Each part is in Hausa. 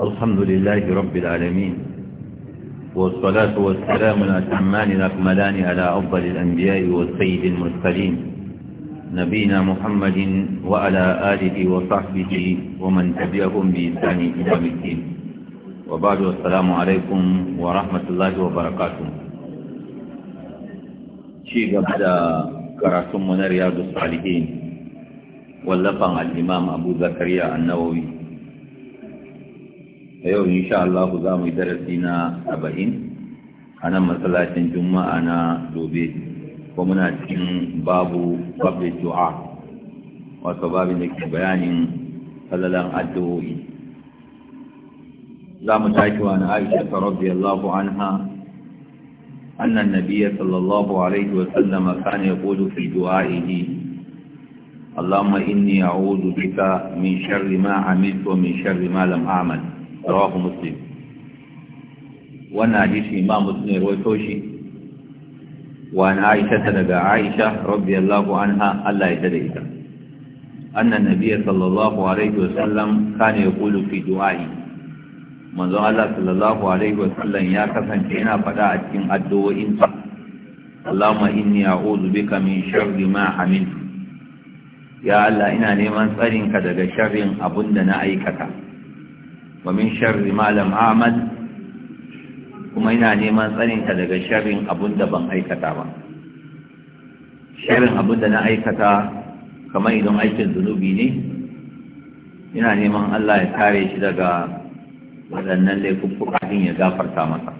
الحمد لله رب العالمين والصلاة والسلام الأتمان الأكملان على أفضل الأنبياء والسيد المرسلين نبينا محمد وعلى آله وصحبه ومن تبعهم بإنسان إلى الدين وبعد السلام عليكم ورحمة الله وبركاته شيء قبل كراسم من رياض الصالحين واللقى الإمام أبو زكريا النووي yau insha Allah za mu yi darasi na saba'in a nan masallacin juma'a na dobe ko muna cikin babu babu du'a wato babin da ke bayanin sallalan addu'o'i za mu tashi wa na aisha ta rabbi Allah anha أن النبي صلى الله عليه وسلم كان يقول في دعائه اللهم إني أعوذ بك من شر ما عملت ومن شر ما لم أعمل rawahu muslim wannan hadisi ma muslim rawaito shi wa an aisha daga aisha radiyallahu anha Allah ya dade ita anna nabiyya sallallahu alaihi wasallam kana yaqulu fi du'ai manzo Allah sallallahu alaihi wasallam ya kasance yana faɗa a cikin addu'o'insa Allahumma inni a'udhu bika min sharri ma amiltu ya Allah ina neman tsarinka daga sharrin abun da na aikata wa min sharri ma lam a'mal kuma ina neman tsarin ka daga sharrin abun da ban aikata ba sharrin abun da na aikata kamar idan aikin zunubi ne ina neman Allah ya kare shi daga waɗannan laifuffuka din ya gafarta masa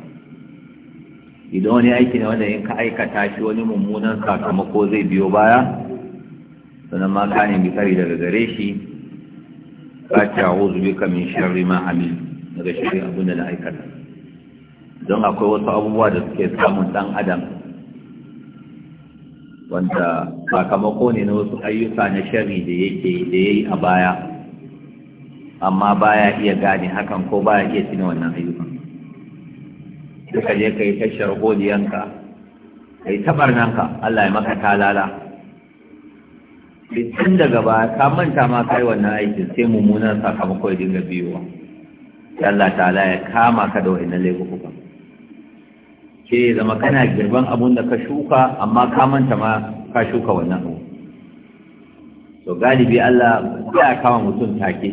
idan wani aiki ne wanda in ka aikata shi wani mummunan sakamako zai biyo baya sannan ma ka nemi kare daga gare shi ka ce a'udhu bika min sharri ma amil daga sharri abin da na aikata don akwai wasu abubuwa da suke samun ɗan adam wanda sakamako ne na wasu ayyuka na sharri da yake da yayi a baya amma baya iya gane hakan ko baya iya cin wannan ayyukan duka je yi tashar godiyanka kai nanka Allah ya maka talala tun daga ba ka manta ma kai wannan aikin sai mummunan sakamako ya dinga biyowa Allah ala ya kama ka da wa'annan laifuka ke zama kana girban abun da ka shuka amma ka manta ma ka shuka wannan abu to galibi Allah ya kama mutum take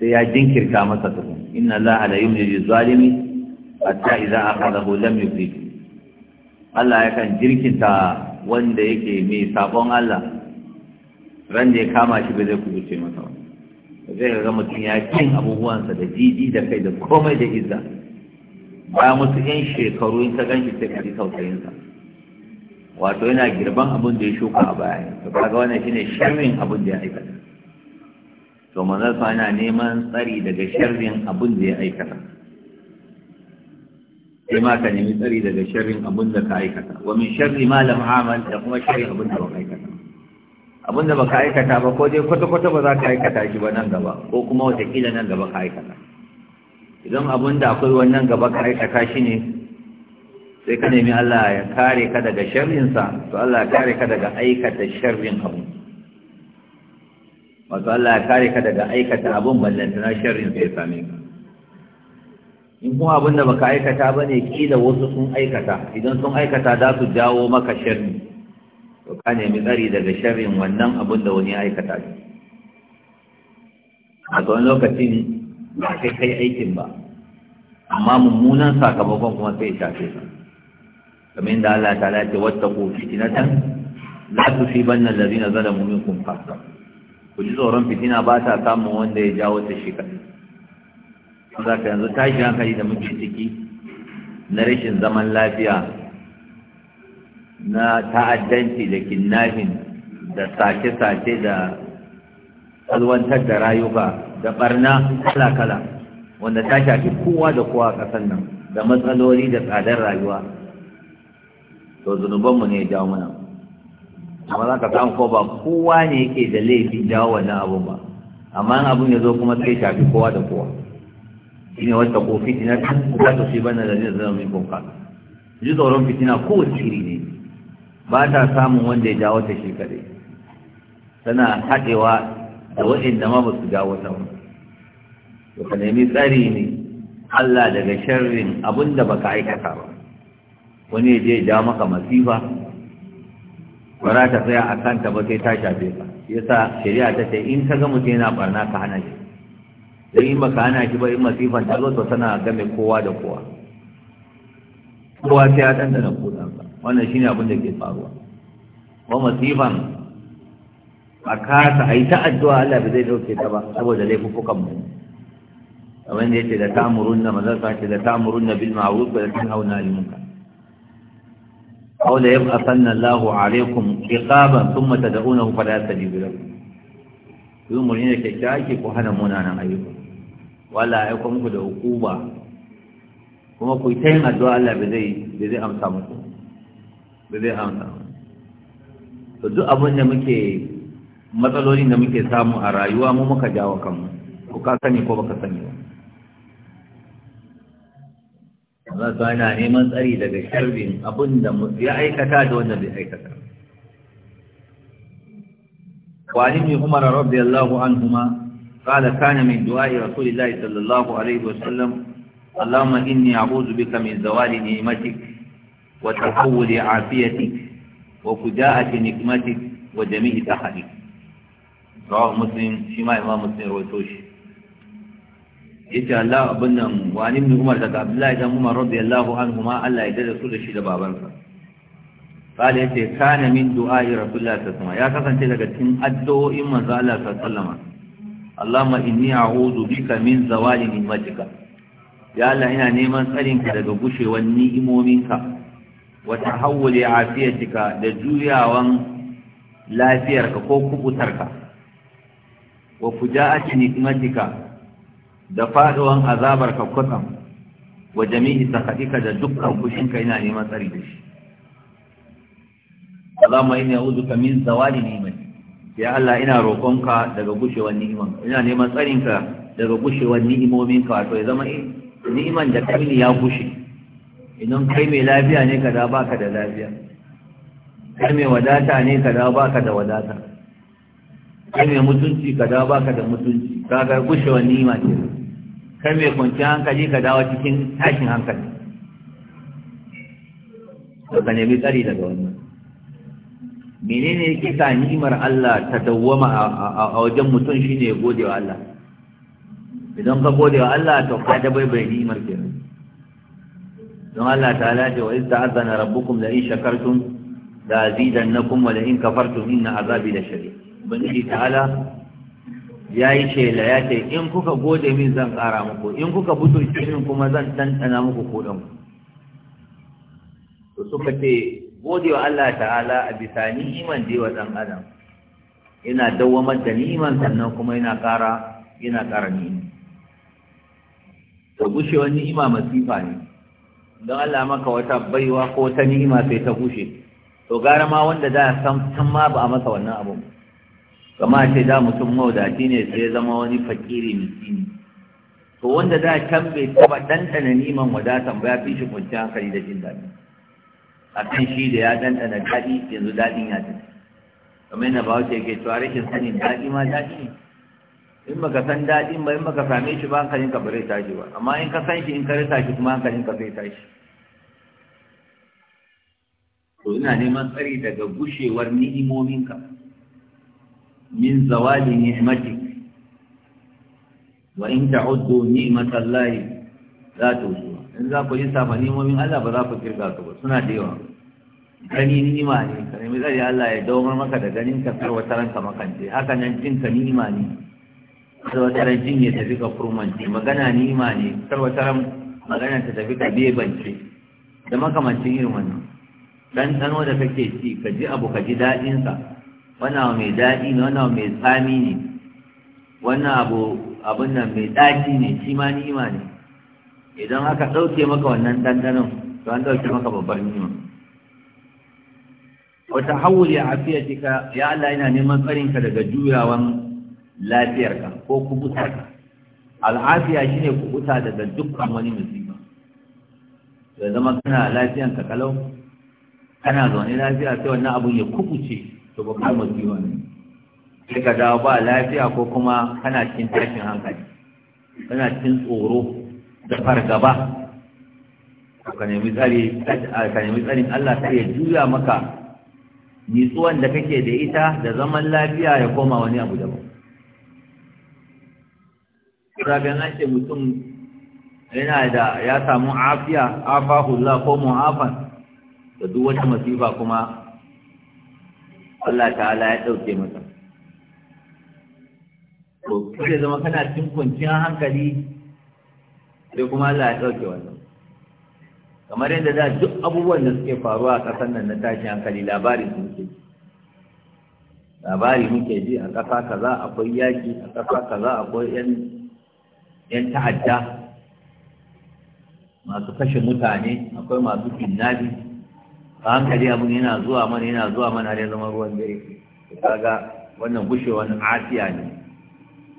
sai ya jinkirta masa tukun inna Allah ala yi lil zalimi iza a kada lam yuflih Allah ya kan jirkinta wanda yake mai sabon Allah ran da ya kama shi ba zai kubuce masa ba zai ga mutum ya cin abubuwansa da jiji da kai da komai da izza ba musu yan shekaru in ka gan shi sai ka ji tausayinsa wato yana girban abin da ya shuka a baya to kaga wannan shine sharrin abin da ya aikata to manzo sa yana neman tsari daga sharrin abin da ya aikata sai ma ka nemi tsari daga sharrin abin da ka aikata wa min sharri ma lam amal da kuma sharrin abin da ba ka aikata abinda baka aikata ba ko dai kwata-kwata ba za ka aikata shi ba nan gaba ko kuma watakila nan gaba ka aikata idan abinda akwai wannan gaba ka aikata shi ne sai ka nemi Allah ya kare ka daga sharrinsa to Allah ya kare ka daga aikata sharrin abu wato Allah ya kare ka daga aikata abun ballantana sharrin sai same ka in kuma abin da baka aikata ba ne kila wasu sun aikata idan sun aikata za su jawo maka sharrin to ka nemi tsari daga sharrin wannan abin da wani aikata shi a tsawon lokacin ba kai kai aikin ba amma mummunan sakamakon kuma sai shafe ka kamar yadda Allah ta lace wata ko fitinatan la tusibanna allazina zalamu minkum khassa ku ji tsoron fitina ba ta samun wanda ya jawo ta shi kadai za ka yanzu tashi hankali da muke ciki na rashin zaman lafiya na ta'addanci da kinnahin da sace-sace da alwantar da rayuka da barna kala-kala wanda ta shafi kowa da kowa a ƙasar nan da matsaloli da tsadar rayuwa to zunubanmu ne ya jawo mana amma za ka samu ko ba kowa ne yake da laifin jawo wannan abun ba amma abun ya zo kuma sai shafi kowa da kowa ne wata ko fitina ta bana da zai zama mai kuka ji tsoron fitina kowace iri ne ba ta samun wanda ya jawo ta shi kadai tana haɗewa da waɗanda ma ba su jawo ta ba ka nemi tsari ne Allah daga sharrin abin da baka aikata ba wani ya je ya jawo maka masifa ba za ta tsaya a kanta ba sai ta shafe ka yasa shari'a ta ce in ka ga mutum yana barna ka hana shi don in baka hana shi ba in masifan ta zo to tana game kowa da kowa kowa sai ya ɗanɗana kuɗansa wannan shine abin da ke faruwa wa masifan a kasa a yi ta addu'a Allah ba zai dauke ta ba saboda laifukan mu kamar da yake da na mazan sa ce da tamurunna bil ma'ruf wa tanhauna 'anil munkar aw la yab'athanna Allahu 'alaykum iqaban thumma tad'unahu fala yastajibu lakum ku murin da kike ake ku hana munanan ayyuka wala ai ku muku da hukuma kuma ku yi ta yin addu'a Allah ba zai amsa muku ba zai amsa to duk abin da muke matsalolin da muke samu a rayuwa mu muka jawo kanmu ko ka sani ko baka sani ba za su ana neman tsari daga sharbin abin da ya aikata da wanda bai aikata wani mai umar radiyallahu anhuma قال كان من دعاء رسول الله صلى الله عليه وسلم اللهم إني أعوذ بك من زوال نعمتك وتحول عافيتك وفجاءة نقمتك وجميع دخلك رواه مسلم شما إمام مسلم رويتوش yace Allah abin nan wa ibn Umar daga Abdullahi dan Umar radiyallahu ma Allah ya dade su da shi da babansa قال yace kana min du'a'i rasulullahi sallallahu alaihi wasallam ya kasance daga cikin addu'o'in manzo Allah sallallahu alaihi wasallam Allahumma inni a'udhu bika min zawali ni'matika ya Allah ina neman tsaninka daga gushewar ni'imominka wa tahawuli afiyatika da juyawan lafiyarka ko kubutarka wa fuja'ati nikmatika da faduwan ka kwatsam wa jami'i sakatika da dukkan ka, ina neman tsari da shi Allahumma inni a'udhuka min zawali ni'mati ya Allah ina roƙonka daga gushewar ni'iman ina neman tsarin ka daga ni'imomin ka. wato ya zama ni'iman da kamili ya gushe idan kai mai lafiya ne ka ba baka da lafiya kai mai wadata ne ka ba baka da wadata kai mai mutunci ka ba baka da mutunci ka ga wa nima, ce kai mai kwanciyar hankali ka dawo cikin tashin hankali ka nemi tsari daga wannan menene yake sa ni'imar Allah ta dawwama a wajen mutum shine ya gode wa Allah idan ka gode wa Allah to ka dabaibai nimar bai kenan don Allah ta'ala ce wa iz ta'azzana rabbukum la in shakartum la na kuma la in kafartum inna azabi da shadid ubangiji ya yi ce la ya ce in kuka gode min zan kara muku in kuka butulce min kuma zan tantana muku kodan to suka ce gode wa Allah ta'ala a bisa ni'iman da wa dan adam yana dawwamar da ni'iman sannan kuma yana kara yana kara ni'ima to gushewar ni'ima masifa ne don Allah maka wata baiwa ko ta niima sai ta gushe to gara ma wanda da san san ma ba a masa wannan abu kama ce da mutum maudaci ne sai ya zama wani fakiri miskini to wanda da can bai taba dandana niman wadatan ba ya fi shi kunci hankali da jin daɗi a kan shi da ya dandana daɗi yanzu daɗin ya tafi kamar yana ba wace yake cewa rashin sanin daɗi ma daɗi ne in ka san daɗin ba in ka same shi ba hankalin ka zai tashi ba amma in ka san shi in ka rasa shi kuma hankalin ka zai tashi to ina neman tsari daga gushewar ni'imomin ka? min zawali ni'imati wa in ta'uddu ni'matallahi la tuhsuha in za ku lissafa ni'imomin Allah ba za ku kirga su ba suna da yawa gani ni'ima ne ka nemi tsari Allah ya dawo maka da ganin ka sai wataran ka makance haka nan jin ka ni'ima ne da wata jin ya tafi ka furmanci magana nima ne kar wata ran magana ta tafi ka bebance da makamancin irin wannan dan tsano da kake ci ka ji abu ka ji daɗinsa. wani wannan mai daɗi ne abu mai tsami ne wannan abu abun nan mai ɗaki ne shi ma nima ne idan aka ɗauke maka wannan ɗanɗanon to an ɗauke maka babbar nima wata hawuli a afiyar ya Allah yana neman tsarinka daga juyawan lafiyarka ko kubutarka al'afiya shine kubuta daga dukkan wani musiba ya zama kana lafiyan ka kalau kana zaune lafiya sai wannan abun ya kubuce to babban musiba ne sai ka dawo ba lafiya ko kuma kana cikin tashin hankali kana cikin tsoro da fargaba ka nemi tsari ka nemi tsarin Allah sai ya juya maka nitsuwan da kake da ita da zaman lafiya ya koma wani abu daban rabin an ce mutum yana da ya samu afiya afahullah ko mu'afan da duk wata masifa kuma Allah ta'ala ya ɗauke masa to kare zama kana cikin kwanciyar hankali sai kuma Allah ya ɗauke wannan kamar yadda da duk abubuwan da suke faruwa a ƙasar nan na tashi hankali labarin sun ke labari muke ji a ƙasa kaza akwai yaki a ƙasa kaza akwai 'yan yan ta'adda masu kashe mutane akwai masu kinnabi a hankali abin yana zuwa mana yana zuwa mana har ya zama ruwan dare kaga wannan gushewan asiya ne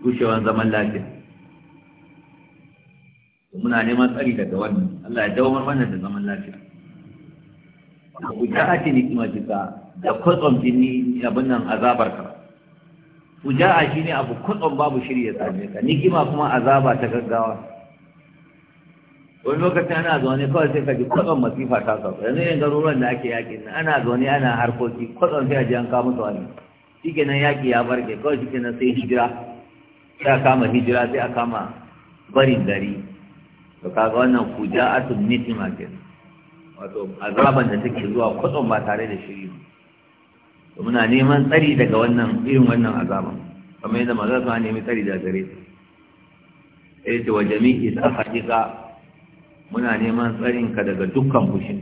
gushewan zaman lafiya muna neman tsari daga wannan Allah ya dawo wannan da zaman lafiya ku ta ake nikima jika da kwatsam jini abin nan ka. shi ne abu kudin babu shiri ya same ka kima kuma azaba ta gaggawa wani lokacin ana zaune kawai sai ka ji kudin masifa ta sauka yanzu yin garuruwan da ake na ana zaune ana harkoki kudin sai a ji an kama musu Shi ke nan yaƙi ya barke kawai shi nan sai hijira sai a kama hijira sai a kama barin gari to kaga wannan fuja'atun nitima ke wato azaban da take zuwa kudin ba tare da shiri ba muna neman tsari daga wannan irin wannan azaba kamar yadda maza su nemi tsari daga gare su sai ce wa jami'i ta haƙiƙa muna neman tsarin ka daga dukkan fushin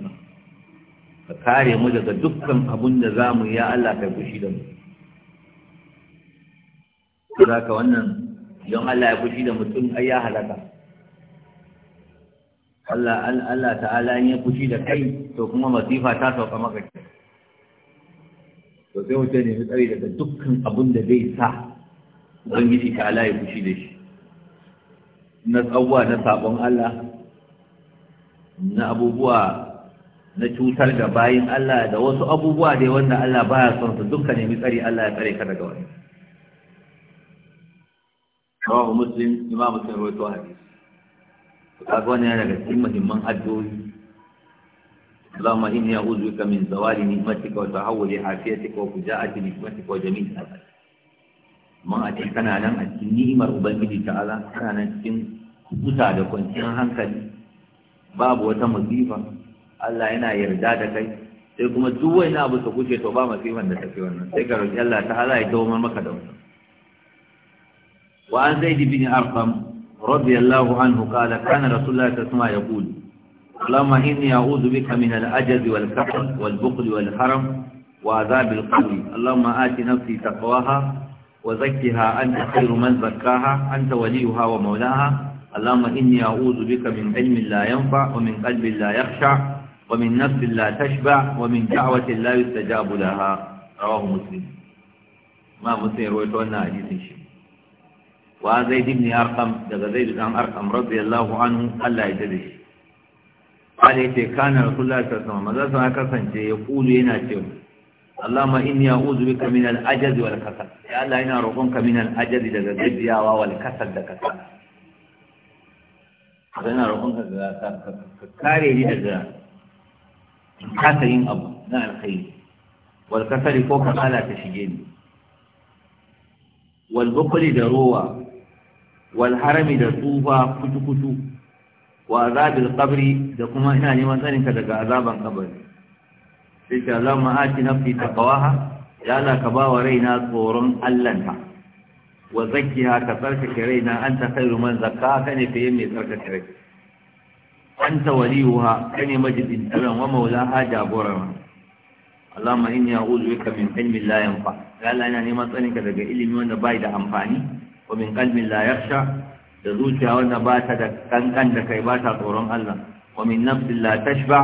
ka kare mu daga dukkan abun da za mu ya Allah ka fushi da mu za ka wannan don Allah ya fushi da mutum ai ya halaka Allah Allah ta'ala ya fushi da kai to kuma masifa ta sauka maka to sai mutum ne nemi tsari daga dukkan abin da zai sa yi ta ala ya kushi da shi na tsawwa na sabon Allah na abubuwa na cutar da bayin Allah da wasu abubuwa dai wanda Allah baya son su dukkan nemi tsari Allah ya tsare ka daga wani rawahu muslim imam muslim rawaito hadisi kaga wani yana daga cikin muhimman addu'o'i اللهم اني اعوذ بك من زوال نعمتك وتحول عافيتك وفجاءة نعمتك وجميع نعمتك ما أتي كان أنا أتي نعمة أبنجي تعالى كان أنا أتي da kwanciyar hankali babu wata musifa Allah yana yarda da kai sai kuma duk wani abu ta kuke to ba masifan da take wannan sai ka roki Allah ta hala ya dawo maka da wannan wa an zaid bin arqam radiyallahu anhu qala kana rasulullah sallallahu alaihi wasallam yaqulu اللهم إني أعوذ بك من العجز والكحل والبخل والحرم وعذاب القبر اللهم آت نفسي تقواها وزكها أنت خير من زكاها أنت وليها ومولاها اللهم إني أعوذ بك من علم لا ينفع ومن قلب لا يخشع ومن نفس لا تشبع ومن دعوة لا يستجاب لها رواه مسلم ما مسلم رويته أنها حديث شيء وزيد بن أرقم زيد بن أرقم رضي الله عنه لا يجدش ne ce kana rasulullah sallallahu alaihi wasallam manzo sa kasance ya kulu yana ce Allahumma in a'udhu bika min al-ajaz wal kasal ya Allah ina roƙon ka min daga gajiyawa wal kasal da kasala yana roƙon ka daga kare ni daga kasalin abu na alkhairi wal kasali ko kasala ta shige ni wal bukhli da ruwa wal harami da tsufa kutu-kutu wa azabil qabri da kuma ina neman tsaninka ka daga azaban kabari sai ta Allahumma ati nafsi taqwaha ya Allah ka ba wa raina tsoron Allahnta wa zakkiha ka tsarkake raina anta khairu man zakka ka ne fiye mai tsarkake rai anta waliyuha ka ne majibin tsaron wa maulaha jagoran Allahumma inni a'udhu bika min ilmin la yanfa ya ina neman tsaninka ka daga ilimi wanda bai da amfani wa min qalbin la yakhsha da zuciya wanda ba ta da kankan da kai ba ta tsoron Allah wa min nafsin la tashba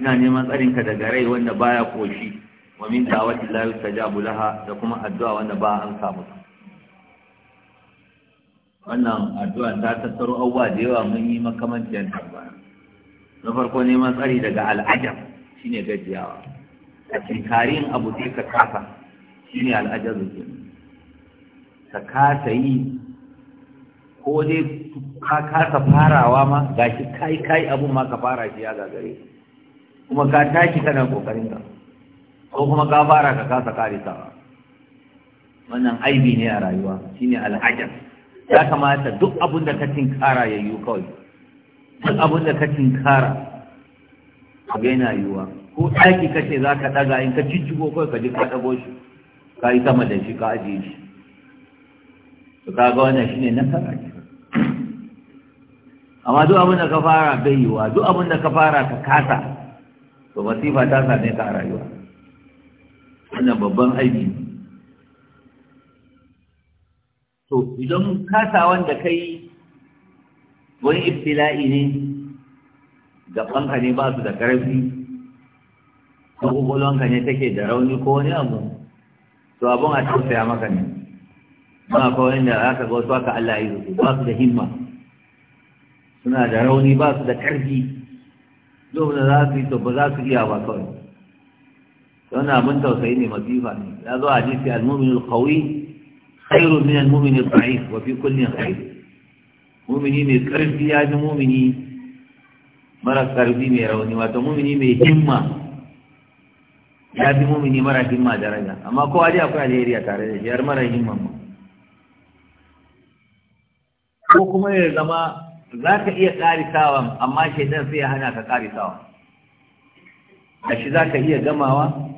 ina neman tsarin ka daga rai wanda baya koshi wa min da'wati la yustajabu laha da kuma addu'a wanda ba an samu wannan addu'a ta tattaro abubuwa da yawa mun yi makamancin tambaya na farko neman tsari daga al'ajab shine gajiyawa a tinkarin abu sai ka kasa shine al'ajab ka kasa yi ko dai ka kasa farawa ma ga shi kai kai abun ma ka fara shi ya gagare kuma ka tashi kana kokarin ka ko kuma ka fara ka kasa karisawa wannan aibi ne a rayuwa shine al'ajar ya kamata duk abun da ka tinkara ya yiwu kawai duk abun da ka tinkara ka ga yana yiwuwa ko ɗaki ce za ka ɗaga in ka jijjigo kawai ka ji ka ɗago shi ka yi sama da shi ka ajiye shi ka ga wannan shine nasara amma duk abin da ka fara bai duk abin da ka fara ka kasa to masifa ta same ka a rayuwa wannan babban aiki to idan kasa wanda kai wani ibtila'i ne gabanka ne ba su da ƙarfi ko ƙwaƙwalwanka ne take da rauni ko wani abu to abun a tausaya maka ne ba kawai da aka ga wasu aka Allah ya yi su ba su da himma suna da rauni ba su da ƙarfi dole za su yi to ba za su iya ba kawai wannan abin tausayi ne masifa ne ya zo a jisi al-mumin al-qawi khairun min al-mumin al-da'if wa fi kulli khair mumini mai karfi ya ji mumini mara karfi mai rauni wato mumini mai himma ya ji mumini mara himma daraja amma kowa dai akwai alheri a tare da shi har mara himma ma ko kuma ya zama za ka iya ƙarisawa amma shaidan sai ya hana ka ƙarisawa a shi za ka iya gamawa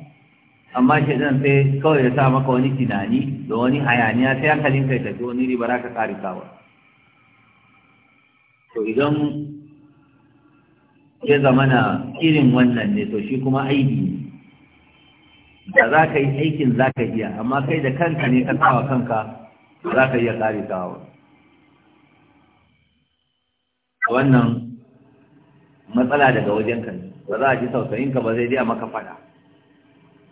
amma shaidan sai kawai ya sa maka wani tunani da wani hayaniya sai hankalin kai tafi wani riba za ka ƙarisawa to idan ya zama na irin wannan ne to shi kuma aiki ne da za ka yi aikin za ka iya amma kai da kanka ne ka kawa kanka za ka iya ƙarisawa a wannan matsala daga wajen ne ba za a ji sausayin ka ba zai dai a maka fada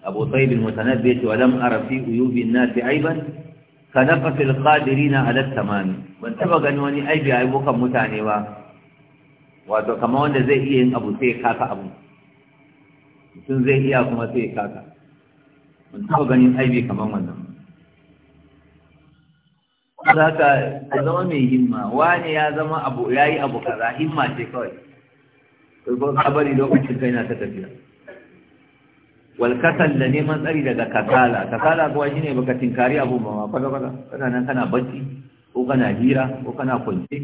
abu bin mutanen bai ce walam ara fi uyubi na fi aiban ka naqas al na ala tamam ban taba gani wani aibi a bukan mutane ba wato kama wanda zai iya yin abu sai kaka abu mutum zai iya kuma sai kaka ban taba ganin aibi kamar wannan za ka zama mai himma wani ya zama abu ya yi abu kaza himma ce kawai ko kabari lokacin kai na ta tafiya wal kasal da neman tsari daga kasala kasala kuwa shine baka tinkari abu ba ma kwata kwata kana nan kana bacci ko kana hira ko kana kwance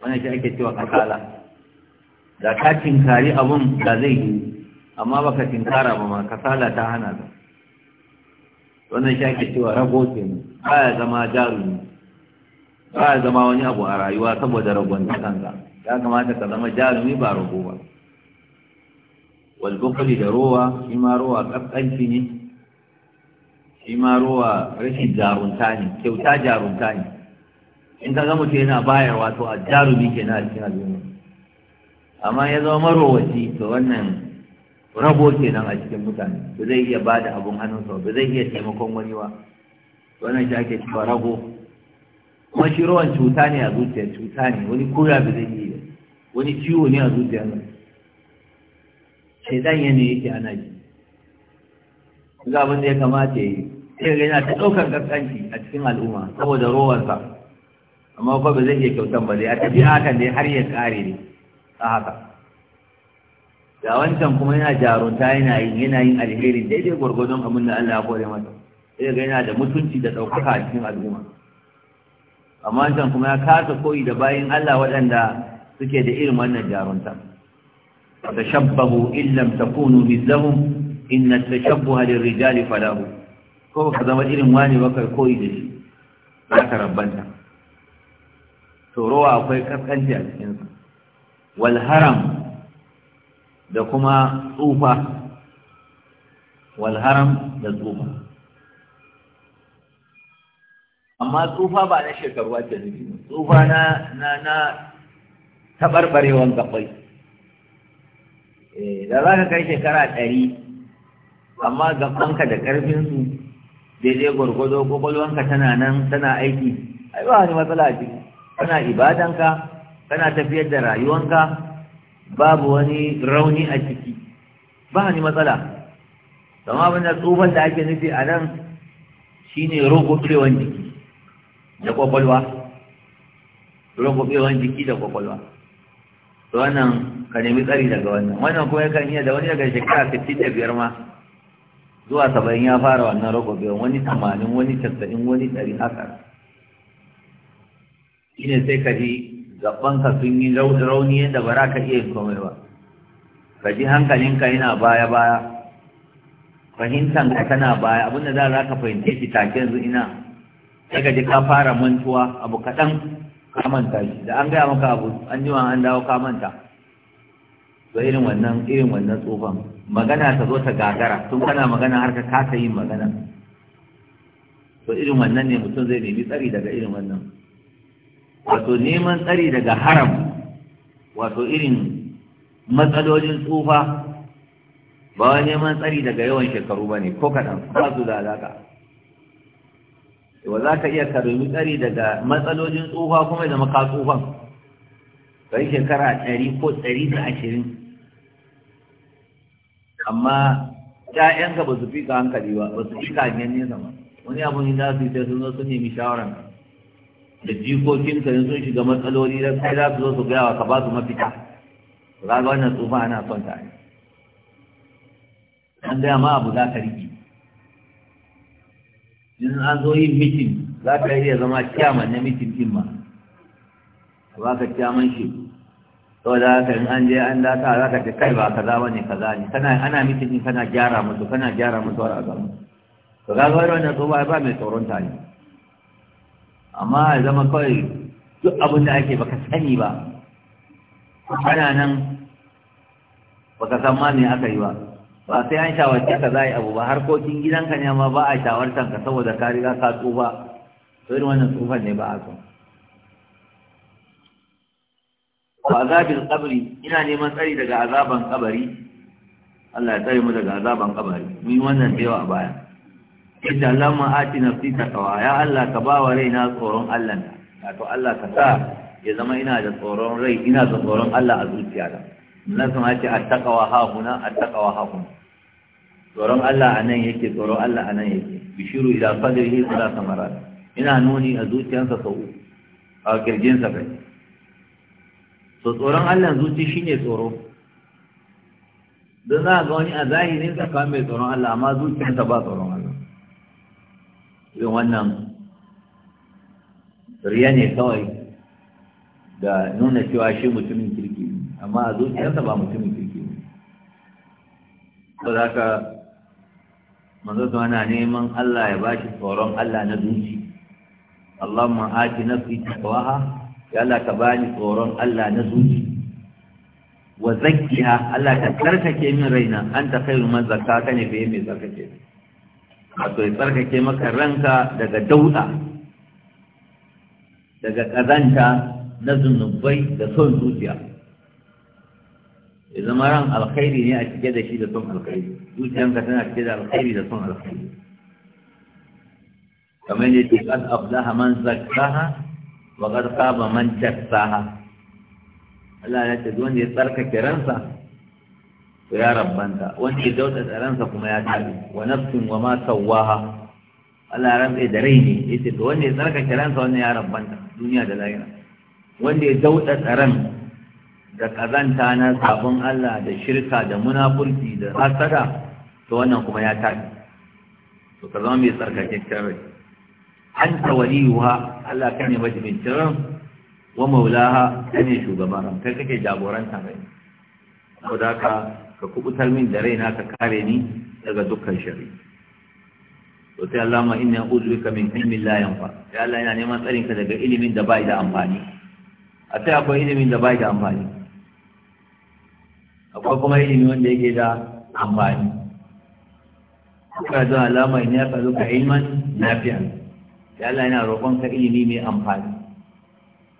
wannan shi ake cewa kasala da ka tinkari abun da zai yi amma baka tinkara ba ma kasala ta hana ka wannan shake cewa rago ke ba ya zama jarumi ba ya zama wani abu a rayuwa saboda ragon kanka ya kamata ka zama jarumi ba rago ba walbukuli da rowa shi ma rowa ƙasƙanci ne shi ma rowa rashin jarunta ne kyauta jarunta ne in ka ga mutum yana bayarwa to a jarumi ke na cikin al'umma amma ya zama marowaci to wannan rabo kenan a cikin mutane ba zai iya bada abun hannunsa ba zai iya taimakon wani ba wannan shi ake cewa rago kuma shi rawan cuta ne a zuciya cuta ne wani koya ba zai iya wani ciwo ne a zuciya nan ya ne yake ana ji ga abin da ya kamata ya yi sai ga yana ta ɗaukar ƙasƙanci a cikin al'umma saboda rowarsa amma kuma ba zai iya kyautan ba dai a tafi hakan dai har ya kare ne a haka ga wancan kuma yana jarunta yana yin yana yin alheri daidai gwargwadon abin da Allah ya kore masa sai ga yana da mutunci da ɗaukaka a cikin al'umma amma wancan kuma ya kasa koyi da bayin Allah waɗanda suke da irin wannan jarunta tashabbahu in lam takunu mithlahum inna tashabbaha lirrijali falahu ko ka zama irin wani ba kai koyi da shi za ka rabbanta to rawa akwai kaskanci a cikin sa wal haram da kuma tsufa walharam da tsufa amma tsufa ba na shekaru ake nufi tsufa na na na gaɓai eh, da za ka kai shekara ɗari amma gaɓanka da ƙarfinsu daidai gwargwado ƙwaƙwalwanka tana nan tana aiki ai ba wani matsala a ciki kana ibadanka kana tafiyar da rayuwanka babu wani rauni a ciki ba ni matsala Kamar abin da tsufan da ake nufi a nan shi ne rugubewan jiki da kwakwalwa rugubewan jiki da kwakwalwa to wannan ka nemi tsari daga wannan wannan kuma yakan iya da wani daga shekara sittin da biyar ma zuwa saba'in ya fara wannan rugubewan wani tamanin wani casa'in wani ɗari haka Shi ne sai ka ji gabanka sun yi rauni yadda ba za ka iya yin komai ba ka ji hankalinka yana baya-baya fahimtanka tana baya abinda za za ka fahimci shi take yanzu ina sai ka ji ka fara mantuwa abu kaɗan ka manta shi da an gaya maka abu an ji an dawo ka manta to irin wannan irin wannan tsofan magana ta zo ta gagara tun kana magana har ka kasa yin magana to irin wannan ne mutum zai nemi tsari daga irin wannan wato neman tsari daga haram wato irin matsalolin tsufa ba wani neman tsari daga yawan shekaru ba ne ko kaɗan ba su da alaƙa wa za ka iya karbi tsari daga matsalolin tsufa kuma da ka tsufan kai shekara ɗari ko ɗari da ashirin amma ‘ya'yanka ba su fi ka hankali ba ba su fi ka hanyar nesa ba wani abu ne za su yi sai sun zo sun nemi shawaran da jikokinka in sun shiga matsaloli da sai za su zo su gaya wa ka ba su mafita za ga wannan tsufa ana son ta ne an gaya ma abu za ka riƙe in an zo yin mitin za ka iya zama ciyaman na mitin din ma a ba ka ciyaman shi saboda haka in an je an dasa za ka ce kai ba kaza za wani kaza ne kana ana mitin kana gyara musu kana gyara musu har a gamu to ga ga wannan tsufa ba mai tsoron ta ne amma ya zama kawai duk abin da ake baka sani ba ana nan baka san ma ne aka yi ba ba sai an shawarce ka za a yi abu ba harkokin gidanka ne ma ba a shawartan ka saboda ka riga ka tsufa to irin wannan tsufan ne ba a so wa azabil qabri ina neman tsari daga azaban kabari Allah ya tsare mu daga azaban kabari mun wannan da yawa a baya yadda lamma ati na nafsi taqwa ya Allah ka ba wa na tsoron Allah na to Allah ka sa ya zama ina da tsoron rai ina da tsoron Allah a zuciya da na sama ce attaqwa ha huna attaqwa ha huna tsoron Allah a anan yake tsoron Allah a anan yake bishiru ila qadrihi sala samarat ina nuni a zuciyansa sau a kirjinsa kai to tsoron Allah zuci shine tsoro don za a ga wani a zahirin tsakanin mai tsoron Allah amma zuciyarsa ba tsoron yin wannan riya ne kawai da nuna cewa shi mutumin kirki amma a zuciyarsa ba mutumin kirki ne ba za ka manzo ana neman Allah ya bashi tsoron Allah na zuci Allahumma ati nafsi taqwaha ya Allah ka bani tsoron Allah na zuci wa zakiya Allah ka tsarkake min raina an ta kai man zakka ne fa yayi mai tsarkake wato ya tsarkake maka ranka daga dauda daga ƙazanta na zunubai da son zuciya ya zama ran alkhairi ne a cike da shi da son alkhairi zuciyanka tana cike da alkhairi da son alkhairi kamar ne ce kad aflaha man zakkaha wa kad khaba man dassaha Allah ya ce wanda ya tsarkake ransa ya rabbanta wanda ya dauda tsaransa kuma ya tabi wa nafsin wa ma sawaha Allah ya rantsa da rai ne yace to wanda ya tsarkake ransa wannan ya rabbanta duniya da lahira wanda ya dauda tsaran da kazanta na sabon Allah da shirka da munafurci da hasada to wannan kuma ya tafi to ka zama mai tsarkakakken rai an tawaliyuha Allah ka ne majibincin ran wa maulaha ka ne shugaban kai kake jagorantar rai saboda haka ka kubutar min da raina ka kare ni daga dukkan shari to sai Allah ma inna uzbika min ilmin la yanfa ya Allah ina neman tsarin ka daga ilimin da bai da amfani a sai akwai ilimin da bai da amfani akwai kuma ilimi wanda yake da amfani ka zo alama ina ka zo ka ilman lafiya ya Allah ina roƙon ka ilimi mai amfani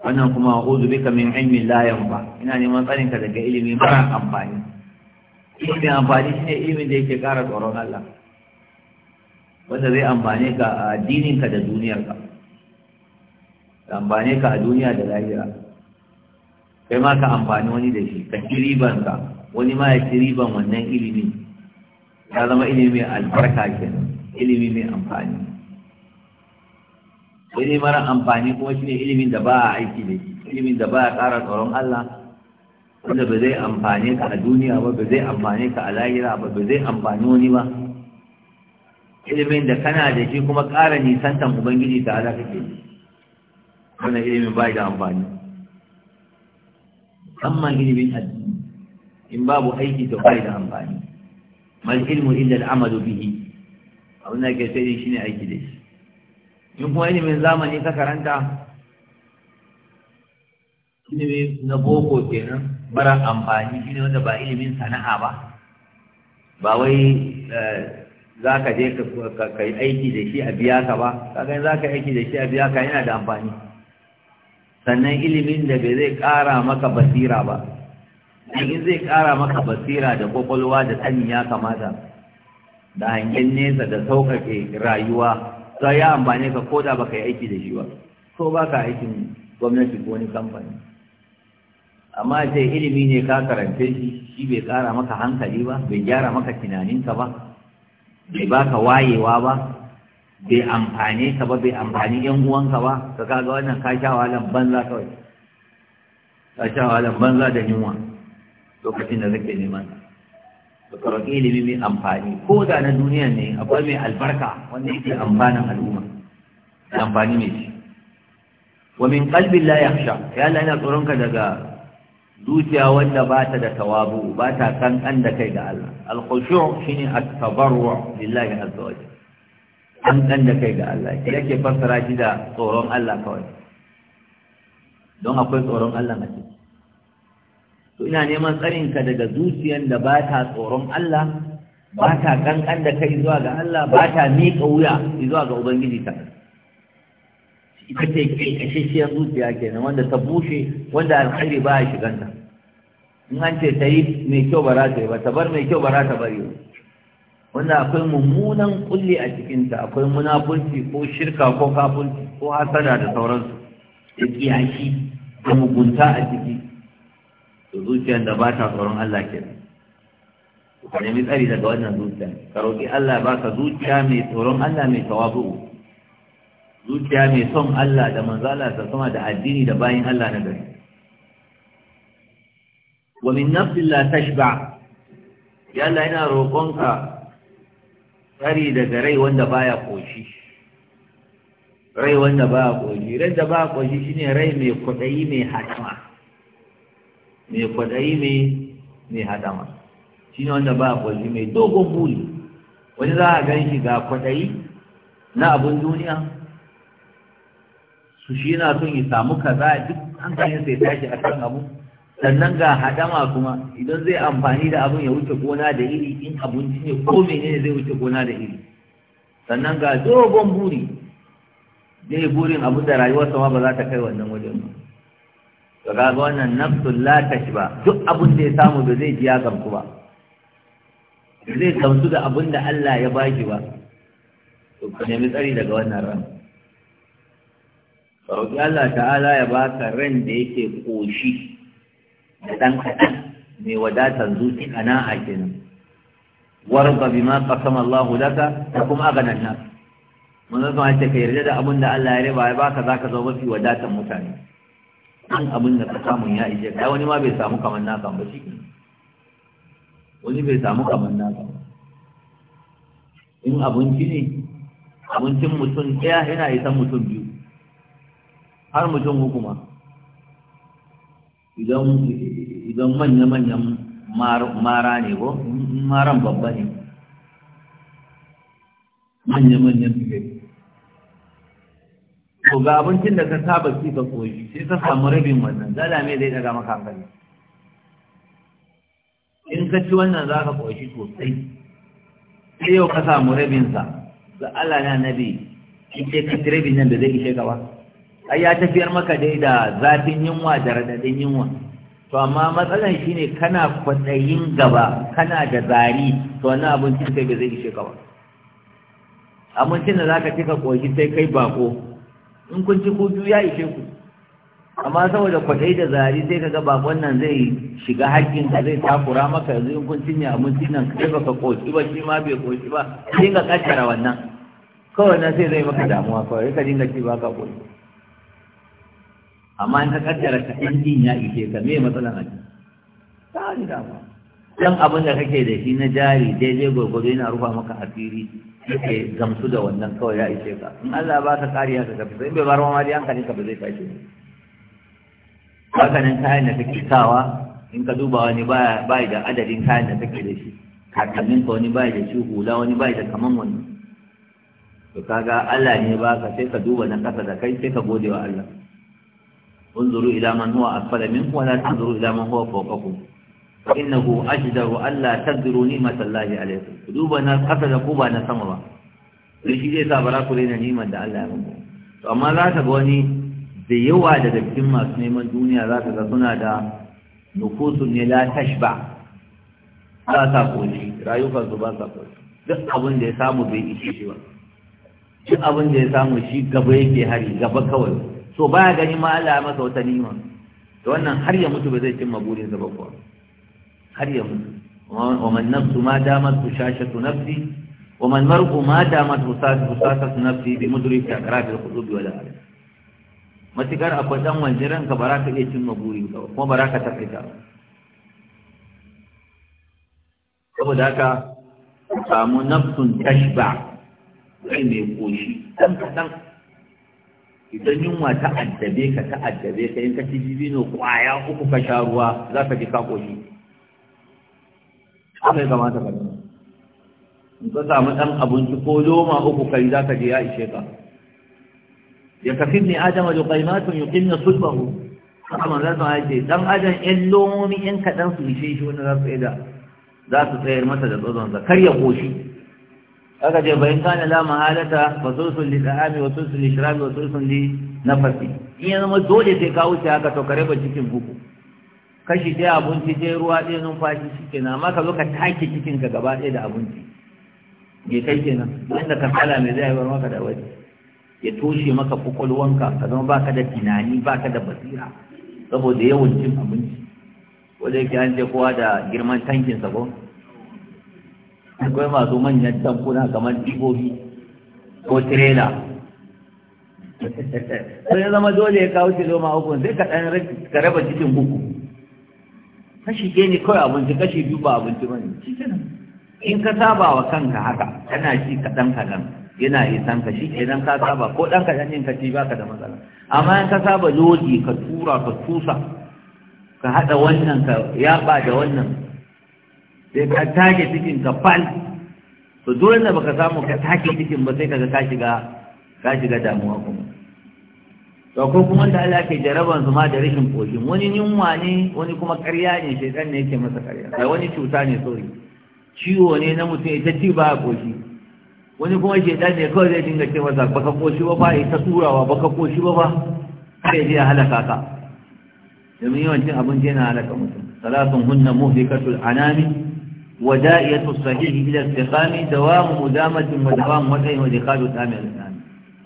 wannan kuma uzbika min ilmin la yanfa ina neman tsarin ka daga ilimi mara amfani ilimin amfani shi ne ilimin da yake ƙara tsoron Allah wanda zai amfani ka a addininka da duniyarka amfani ka a duniya da lahira kai ma ka amfani wani da shi ka ci ribanka wani ma ya ci riban wannan ilimi ya zama ilimi mai albarka kenan ilimi mai amfani Wani mara amfani kuma shine ilimin da ba a aiki da shi ilimin da ba a ƙara tsoron Allah wanda ba zai amfane ka a duniya ba ba zai amfane ka a lahira ba ba zai amfani wani ba ilimin da kana da shi kuma ƙara nisantan ubangiji ta ala kake wannan ilimin ba da amfani amma ilimin addini in babu aiki to ba da amfani mal ilmu illa al'amalu bihi abin da ke sai ne aiki da shi in kuma ilimin zamani ka karanta ilimin na boko kenan mara amfani shi ne wanda ba ilimin sana'a ba ba wai eh, za ka je ka yi aiki da shi a biya ka ba kaga za ka aiki da shi a biya ka yana da amfani sannan ilimin da bai zai kara maka basira ba in zai kara maka basira da kwakwalwa da sani ya kamata da hangen nesa da sauƙaƙe rayuwa za ya amfani ka ko da ba ka yi aiki da shi ba ko ba ka aikin gwamnati ko wani kamfani amma ce ilimi ne ka karance shi shi bai kara maka hankali ba bai gyara maka tunaninka ba bai baka wayewa ba bai amfane ka ba bai amfani yan uwanka ba ka kaga wannan ka sha wahalan banza kawai ka sha wahalan banza da yunwa lokacin da kake neman ka karo ilimi mai amfani ko da na duniya ne akwai mai albarka wanda yake amfanin al'umma amfani mai shi wa min qalbi la yakhsha ya Allah ina tsoronka daga zuciya wanda ba ta da tawabu ba ta kankan da kai ga Allah al-khushu shine at-tabarru lillahi azza wa jalla kankan da kai ga Allah shi ke fassara shi da tsoron Allah kawai don akwai tsoron Allah mace to ina neman tsarin ka daga zuciyar da ba ta tsoron Allah ba ta kankan da kai zuwa ga Allah ba ta miƙa wuya zuwa ga ubangiji ta ita ce kashishiyar zuciya ke nan wanda ta bushe wanda alkhairi ba ya shiganta in an ce ta yi mai kyau ba za ta yi ba ta bar mai kyau ba za ta bari wanda akwai mummunan kulli a cikinta akwai munafurci ko shirka ko kafurci ko hasada da sauransu da kiyashi da mugunta a ciki to zuciyar da ba ta tsoron Allah ke nan ka nemi tsari daga wannan zuciya ka roƙi Allah ba ka zuciya mai tsoron Allah mai tawabu zuciya mai son Allah da manzala ta sama da addini da bayin Allah na gari wa min nafsin la tashba ya Allah ina roƙonka tsari daga rai wanda baya koshi rai wanda baya koshi rai da baya koshi shine rai mai kwaɗayi mai hadama mai kwaɗayi mai mai hadama shine wanda baya koshi mai dogon buri wani za a gan shi ga kwaɗayi na abun duniya su shi na son ya samu kaza duk hankalin sai tashi a kan abu sannan ga hadama kuma idan zai amfani da abun ya wuce gona da iri in abinci ne ko menene zai wuce gona da iri sannan ga dogon buri ne burin abin da rayuwarsa ma ba za ta kai wannan wajen ba to ga wannan nafsun la tashba duk abin da ya samu ba zai ji ya gamsu ba zai gamsu da abin da Allah ya baki ba to ka nemi tsari daga wannan ran roƙi Allah ta'ala ya ba ka ran da yake ƙoshi da ɗan kaɗan mai wadatar zuci a na kenan warba bima qasama Allah laka da kuma aganan nan. mun zama ce ka yarda da abin da Allah ya riba ya baka ka zo mafi wadatar mutane an abin da ka samu ya ije kai wani ma bai samu kamar naka ba shi wani bai samu kamar naka ba in abinci ne abincin mutum ɗaya yana isan mutum biyu har mutum hukuma idan manya-manyan mara ne ko maran babba ne manya-manyan fiye ko ga abincin da ka saba ci ka koyi sai ka samu rabin wannan dala mai zai daga maka hankali in ka ci wannan za ka koshi sosai sai yau ka samu rabinsa ga Allah na nabi in ka ci rabin nan da zai ishe gaba ai ya tafiyar maka dai da zafin yunwa da radadin yunwa to amma matsalan ne, kana kwatsayin gaba kana da zari to wannan abincin kai ba zai ishe ka ba abincin da zaka cika ƙoshi, sai kai bako in kun ci ku ya ishe ku amma saboda kwaɗayi da zari sai ka ga bakon nan zai shiga hakkin ka zai takura maka yanzu in kun cinye abincin nan kai baka ƙoshi ba shi ma bai ƙoshi ba dinga ka kaddara wannan kawai nan sai zai maka damuwa kawai ka dinga ci ba ka koshi amma in ka kaddara ka injin ya ishe ka me matsalan aji ta riga ba dan abin da kake da shi na jari daidai gwargwado yana rufa maka asiri yake gamsu da wannan kawai ya ishe ka in Allah ba ka kariya ka gafi in bai bar ma dai hankalin ka ba zai tashi haka nan kayan da kake sawa in ka duba wani bai da adadin kayan da kake da shi kakannin ka wani bai da shi hula wani bai da kaman wani to kaga Allah ne ba ka sai ka duba na kasa da kai sai ka gode wa Allah انظروا الى من هو اقل منكم ولا تنظروا الى من هو فوقكم فإنه أجدر ألا تذروا نعمه الله عليكم قلوبنا قتل قوبا نسمرا rishi zai sa bara ku daina neman da Allah ya muku to amma za ka ga wani da yawa daga cikin masu neman duniya za ka ga suna da nufusun ne la tashba ba sa koshi rayukan su ba sa koshi duk abin da ya samu bai ishe shi ba duk abin da ya samu shi gaba yake hari gaba kawai so baya gani ma Allah ya masa wata nima to wannan har ya mutu ba zai cimma burin sa ba kuwa har ya mutu wa man nafsu ma damat bushashatu nafsi wa man mar'u ma damat busasatu nafsi bi mudrik akrab al qulub wal arad matikar akwai dan wanda ranka ba za ka iya cimma burin ka kuma ba za ka tafita saboda haka samu nafsun tashba sai mai koshi dan kadan idan yunwa ta addabe ka ta addabe ka in ka ci bibino kwaya uku ka sha ruwa za ka ji kakoshi. haka ya kamata ka nuna in ka samu ɗan abinci ko doma uku kai za ka je ya ishe ka ya kafi ne adama da kaimatun yi kinna sulbahu haka manzan sama ya ce ɗan adam ƴan lomomi ƴan kaɗan su ishe shi wanda za su tsayar masa da tsozonsa kar ya koshi kaga je bayan kana la mahalata wa sulsul li ta'ami wa sulsul li shirabi wa sulsul li nafasi in ya zama dole sai ka wuce haka to kare ba cikin buku kashi dai abinci dai ruwa ɗaya numfashi na amma ka zo ka take cikin ka gaba ɗaya da abinci ne kai kenan inda ka sala mai zai bar maka da waje ya toshe maka kwakwalwanka ka zama baka da tunani baka da basira saboda yawan cin abinci wanda yake an je kowa da girman tankin sa ko akwai masu manyan tankuna kamar jibobi ko tirela sai ya zama dole ya kawo shi zoma hukun sai ka ɗan ka raba cikin buku kashi ke ne kawai abinci kashi biyu ba abinci ba ne in ka saba wa kanka haka kana ci kaɗan kaɗan yana isan ka shi idan ka saba ko ɗan kaɗan yin ka ci baka da matsala amma in ka saba lodi ka tura ka tusa ka haɗa wannan ka yaɓa da wannan sai ka take cikin ka fal to dole da baka samu ka take cikin ba sai kaga ka shiga ka shiga damuwa kuma to ko kuma da Allah ke jaraban su ma da rashin koshin wani yunwa ne wani kuma ƙarya ne shaitan ne yake masa ƙarya kai wani cuta ne sori ciwo ne na mutum ita ci ba koshi wani kuma shaitan ne kawai zai dinga ce masa baka koshi ba ba ita turawa baka koshi ba ba sai dai halaka ka domin yawancin abinci yana halaka mutum salatun hunna muhlikatul anami ودائية الصحيح إلى استقام دوام مدامة ودوام متعين ودخال تام الآن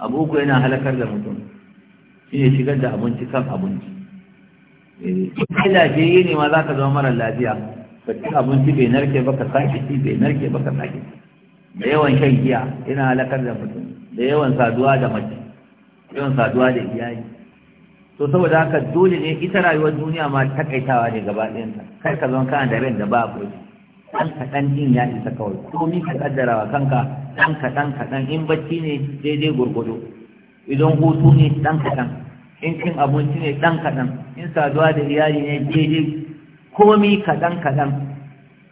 أبوك هنا هلك لمتون شيء شغل ده أبنتي كم أبنتي lafiyayye ne ma za ka zama mara lafiya ka ci abinci bai narke ba ka sake ci bai narke ba ka sake da yawan shan giya halakar da mutum da yawan to saboda haka dole ne ita rayuwar duniya ma takaitawa ne gaba ɗayanta kar ka zama kana da ran da ba a ɗan kaɗan ɗin ya isa kawai komi ka ƙaddara wa kanka ɗan kaɗan kaɗan in bacci ne daidai gwargwado idan hutu ne ɗan kaɗan in cin abinci ne ɗan kaɗan in saduwa da iyali ne daidai komi kaɗan kaɗan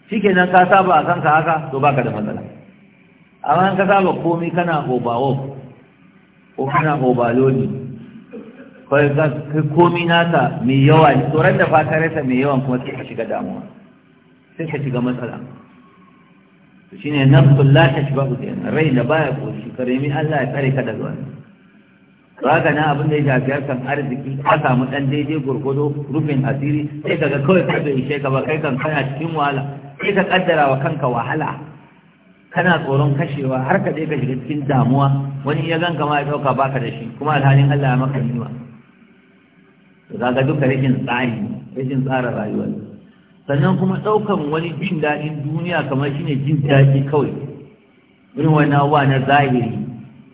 shike nan ka saba a kanka haka to baka da matsala amma in ka saba komi kana obawo ko kana obaloni ka komi nasa mai yawa ne tsoron da fata rasa mai yawan kuma sai ka shiga damuwa sai ka shiga matsala to shine nafsul la tashbahu din rai da baya koshi karimi Allah ya tsare ka daga wani to na abin da ya shafi harkan arziki ka samu dan daidai gurgudo rufin asiri sai kaga kawai ka bai ishe ka ba kai kan kana cikin wahala sai ka kaddara wa kanka wahala kana tsoron kashewa har ka ka shiga cikin damuwa wani ya ganka ma ya dauka baka da shi kuma alhalin Allah ya maka ni'ima to duka rashin tsari rashin tsara rayuwa sannan kuma ɗaukar wani jin daɗin duniya kamar shine jin daɗi kawai irin wani abuwa na zahiri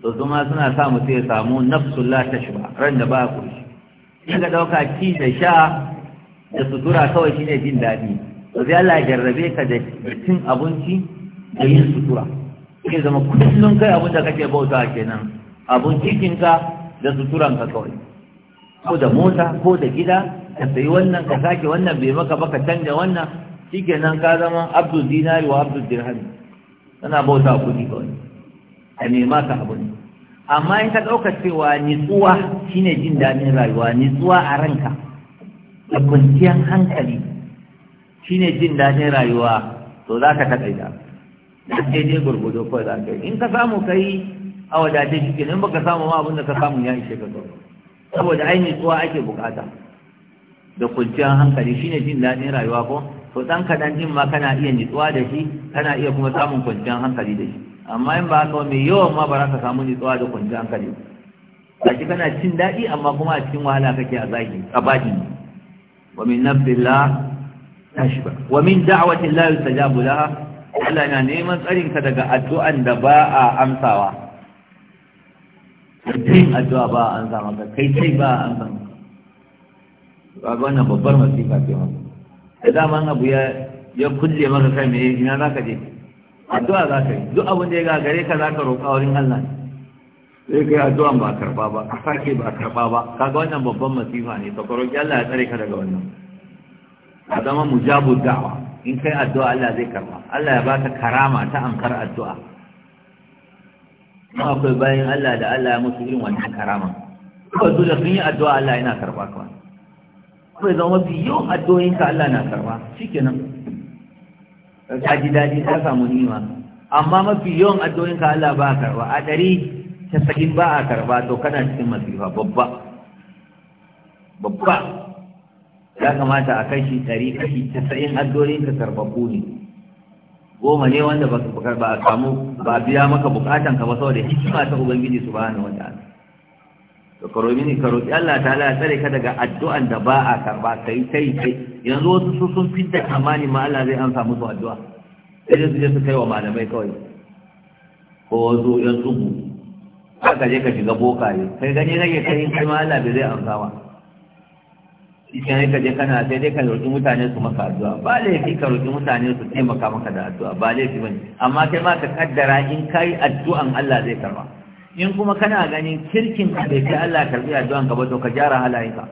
to zama suna sa mutum ya samu ta shi ba, ran da ba kurshi shi ka ɗauka ci da sha da sutura kawai shine jin daɗi to sai Allah ya jarrabe ka da cin abinci da yin sutura ke zama kullum kai abin da kake bauta kenan abin cikinka da suturanka kawai ko da mota ko da gida ka sayi wannan ka sake wannan bai maka ba ka canja wannan nan ka zama abdul dinari wa abdul dirham kana bauta kuɗi wani. a nema ka abu ne amma in ka ɗauka cewa nitsuwa shine jin daɗin rayuwa nitsuwa a ranka da kwanciyar hankali shine jin daɗin rayuwa to za ka ita da ke ne gurgudu kawai za ka yi in ka samu ka yi a wadace shi ke nan baka samu ma abin da ka samu ya ishe ka kawai saboda ainihin tsuwa ake bukata da kwanciyar hankali shine jin daɗin rayuwa ko to ɗan kaɗan jin ma kana iya nitsuwa da shi kana iya kuma samun kwanciyar hankali da shi amma in ba haka mai yawan ma ba za ka samu nitsuwa da kwanciyar hankali ba shi kana cin daɗi amma kuma a cikin wahala kake a zaki a baki wa min nafsin tashba wa min da'wati la yustajabu laha Allah na neman tsarin ka daga addu'an da ba a amsawa kai addu'a ba a amsa maka kai kai ba a amsa maka kaga wannan babbar masifa ce ma da dama abu ya kulle maka kai me ina za ka je addu'a za ka yi duk abin da ya gare ka za ka roƙa wurin Allah ne. sai kai addu'a ba karba ba a sake ba karba ba kaga wannan babban masifa ne ka roƙi Allah ya tsare ka daga wannan a zama mujabu da'wa in kai addu'a Allah zai karba Allah ya ba ka karama ta amkar addu'a akwai bayan Allah da Allah ya musu irin wannan karama kawai dole sun yi addu'a Allah yana karba kawai ko ya zama mafi yawan addu'o'in ka Allah na karba shikenan ka ji daɗi ka samu ni'ima amma mafi yawan addu'o'in ka Allah ba karba a ɗari casa'in ba a karba to kana cikin masifa babba babba ya kamata a kashi ɗari kashi casa'in addu'o'in ka karbabu ne goma ne wanda ba a samu ba biya maka bukatan ka ba saboda hikima ta ubangiji subhanahu wa ta'ala ka karobi ni karobi Allah ta ala tsare ka daga addu'an da ba a karba kai kai kai yanzu wasu su sun da kamani ma Allah zai amsa musu addu'a sai su je su kai wa malamai kawai ko wasu yan tsubu ka je ka shiga ne kai gani rage kai kai ma Allah bai zai amsa ba idan ka je kana sai dai ka roƙi mutane su maka addu'a ba laifi ka roƙi mutane su taimaka maka da addu'a ba laifi bane amma kai ma ka kaddara in kai addu'an Allah zai karba in kuma kana ganin kirkin ka bai kai Allah karbi addu'an ka ba to ka gyara halayenka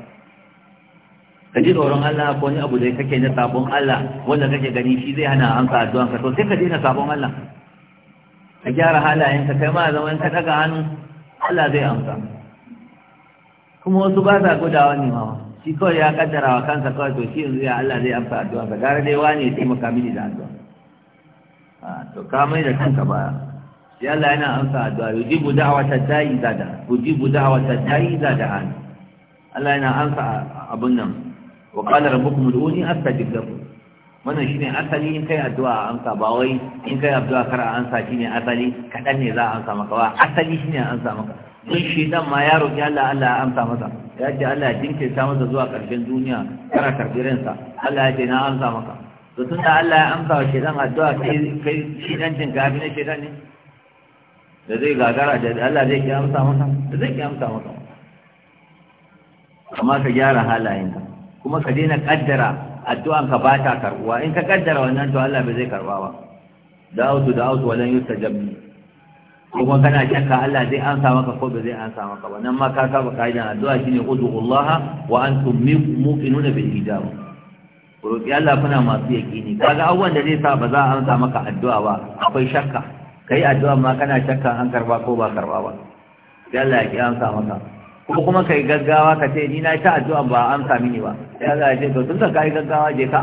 ka ji tsoron Allah ko wani abu da kake na sabon Allah wanda kake gani shi zai hana amsa zuwan ka to sai ka daina sabon Allah ka gyara halayenka kai ma zaman ka daga hannu Allah zai amsa kuma wasu ba sa gudawa ne ma shi kawai ya kaddara wa kansa kawai to shi yanzu ya Allah zai amsa zuwan ka gara dai wani ya taimaka mini da addu'a ah, to ka mai da kanka baya ya yana amsa addu'a yujibu da'wata da'i zada yujibu da'wata da'i zada an Allah yana amsa abun nan wa qala rabbukum ud'uni astajib lakum wannan shine asali in kai addu'a amsa ba wai in kai addu'a kar a amsa shine asali kadan ne za a amsa maka ba asali shine amsa maka don shi dan ma ya roki Allah Allah ya amsa masa ya ce Allah ya jinkirta masa zuwa karshen duniya kara karbirinsa Allah ya ce na amsa maka to tun Allah ya amsa wa shedan addu'a kai shi shedan jin gabi ne shedan ne da zai gagara da Allah zai ki amsa maka da zai ki amsa maka amma ka gyara halayenka kuma ka daina kaddara addu'an ka ba ta karbuwa in ka kaddara wannan to Allah bai zai karba ba da Autu da'utu yusa yustajab kuma kana shakka Allah zai amsa maka ko ba zai amsa maka ba nan ma ka saba kaidan addu'a shine udullaha wa antum muqinuna bil ijaba roƙi Allah kuna masu yaƙini kaga abubuwan da zai sa ba za a amsa maka addu'a ba akwai shakka kai addu'a ma kana shakkan an karba ko ba karba ba sai Allah ya ki amsa maka ko kuma kai gaggawa ka ce ni na ta addu'a ba amsa mini ba sai Allah ya ce to tun tunda kai gaggawa je ka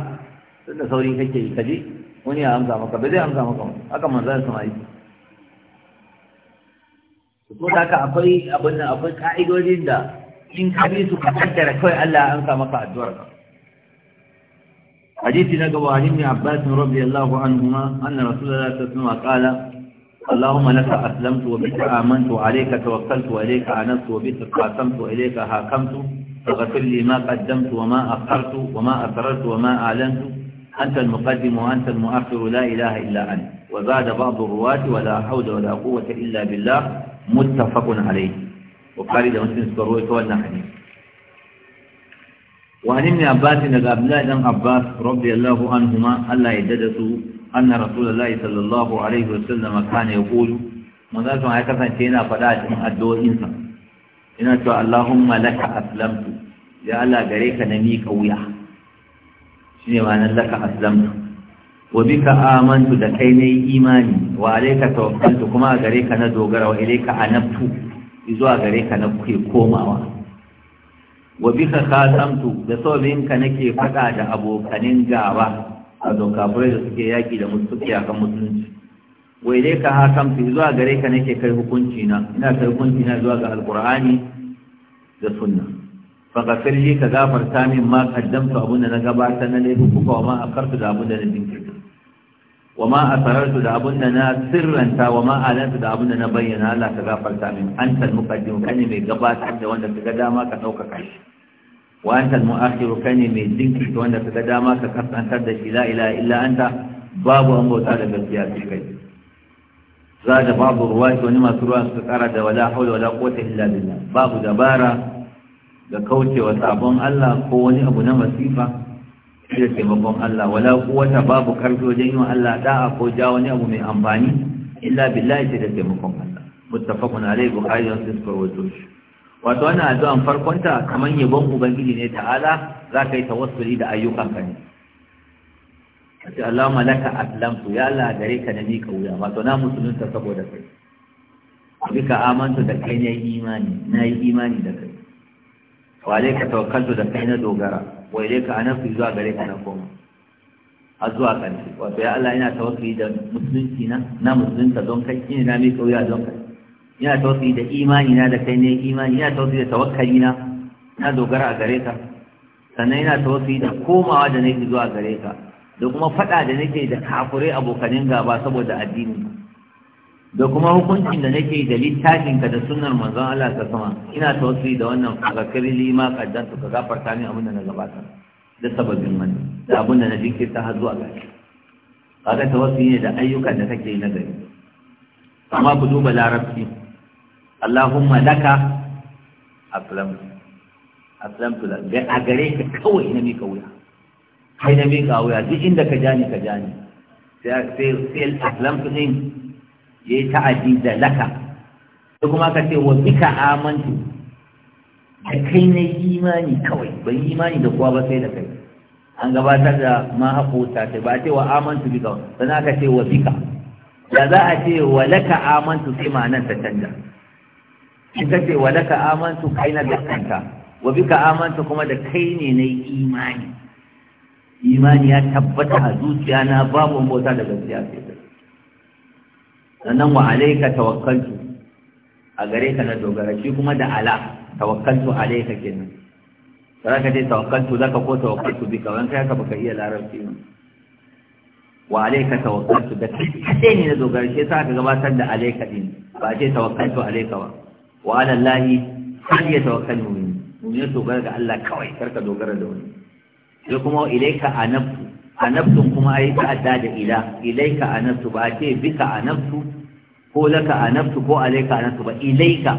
Tun da sauri kake yi kaje wani ya amsa maka ba zai amsa maka ba? haka manzon samu yi ko da ka akwai abin nan akwai ka'idodin da in ka bi su ka kaddara kawai Allah ya amsa maka addu'ar ka حديثنا نقوى عن ابن عباس رضي الله عنهما أن رسول الله صلى الله عليه وسلم قال اللهم لك أسلمت وبك آمنت وعليك توكلت وإليك أنست وبك قاسمت وإليك هاكمت فاغفر لي ما قدمت وما أخرت وما أسررت وما أعلنت أنت المقدم وأنت المؤخر لا إله إلا أنت وزاد بعض الرواة ولا حول ولا قوة إلا بالله متفق عليه وقال إذا مسلم سكرويت والنحن وعن ابن عباس إن عبد الله بن عباس رضي الله عنهما ألا يددسوا anna rasulullahi sallallahu alaihi wa sallam kana yaqulu manzo sun ya kasance yana faɗa cikin addu'o'insa yana cewa allahumma laka aslamtu ya allah gare ka na mika wuya shine ma'anar laka aslamtu wa bika amantu da kai ne imani wa alaika tawakkaltu kuma gare ka na dogara wa ilaika anabtu zuwa gare ka na komawa wa bika khatamtu da sabbin ka nake faɗa da abokanin gaba wato kafirai da suke yaƙi da a kan musulunci wai dai ka hakamtu zuwa gare ka nake kai hukunci na ina kai hukunci na zuwa ga alƙur'ani da sunna fa ghafirli ka gafarta min ma qaddamtu abun da na gabatar na laifin kuka wa ma akartu da abun da na jinkirta wa ma asarartu da abun da na sirranta wa ma alanta da abun da na bayyana Allah ka gafarta min antal muqaddim kane mai gabatar da wanda ka ga dama ka ɗauka kashi wa anta al-mu'akhiru kane mai jinkirta wanda kaga dama ka kasantar da shi la ilaha illa anta babu an bauta da gaskiya shi kai za da babu ruwa wani masu ruwa suka kara da wala haula wala quwwata illa billah babu dabara da kaucewa sabon Allah ko wani abu na masifa shi da taimakon Allah wala quwwata babu karfi wajen yin Allah da'a ko ja wani abu mai amfani illa billahi da taimakon Allah muttafaqun alayhi bukhari wa muslim wato wannan addu'an farkonta kamar yabon ubangiji ne ta Ala, za ka yi tawassuli da ayyukanka ne sai Allah malaka aslamtu ya Allah gare ka na mika wuya wato na ta saboda kai ka amantu da kai na imani na yi imani da kai wa alaika tawakkaltu da kai na dogara wa ilaika anafi zuwa gare ka na koma A zuwa kanti, wato ya Allah ina tawakkali da musulunci na na musulunta don kai ina na mika wuya don kai ina tausayi da imani na da kai ne imani ina tausayi da tawakkali na na dogara a gare ka sannan ina tausayi da komawa da nake zuwa gare ka da kuma faɗa da nake da kafurai abokanin gaba saboda addini da kuma hukuncin da nake da littafinka da sunnar manzon Allah ta sama ina tausayi da wannan fakakari lima kaddan su ka gafarta min abin da na gabata da sababin man da abin da na jinkirta har zuwa gaci kaga tawassi ne da ayyukan da kake yi na gari amma ku duba larabci Allahumma laka aslamtu aslamtu laka a gare ka kawai ina mika wuya kai na mika wuya duk inda ka jani ka jani sai sai aslamtu din yayi ta'addi da laka sai kuma ka ce wa bika amantu da kai na imani kawai ban imani da kowa ba sai da kai an gabatar da ma haƙota ta ba ce wa amantu bika sannan aka ce wa bika da za a ce wa laka amantu sai ma nan ta canja ita ce wa laka amantu kai na gaskanka wa bika amantu kuma da kai ne na imani imani ya tabbata a zuciya na babu mota da gaskiya sai da sannan wa alayka tawakkaltu a gare ka na dogara shi kuma da ala tawakkaltu alaika kenan sai ka ce tawakkaltu zaka ko tawakkaltu bika wanka kai ka baka iya larabci ne wa alayka tawakkaltu da kai ne na dogara shi sai ka gabatar da alaika din ba ce tawakkaltu alaika ba wa ala allahi falyatawakkal mu'min ne dogara ga Allah kawai karka dogara da wani sai kuma ilaika anabtu anabtun kuma ai adda da ila ilaika anabtu ba ce bika anabtu ko laka anabtu ko alaika anabtu ba ilaika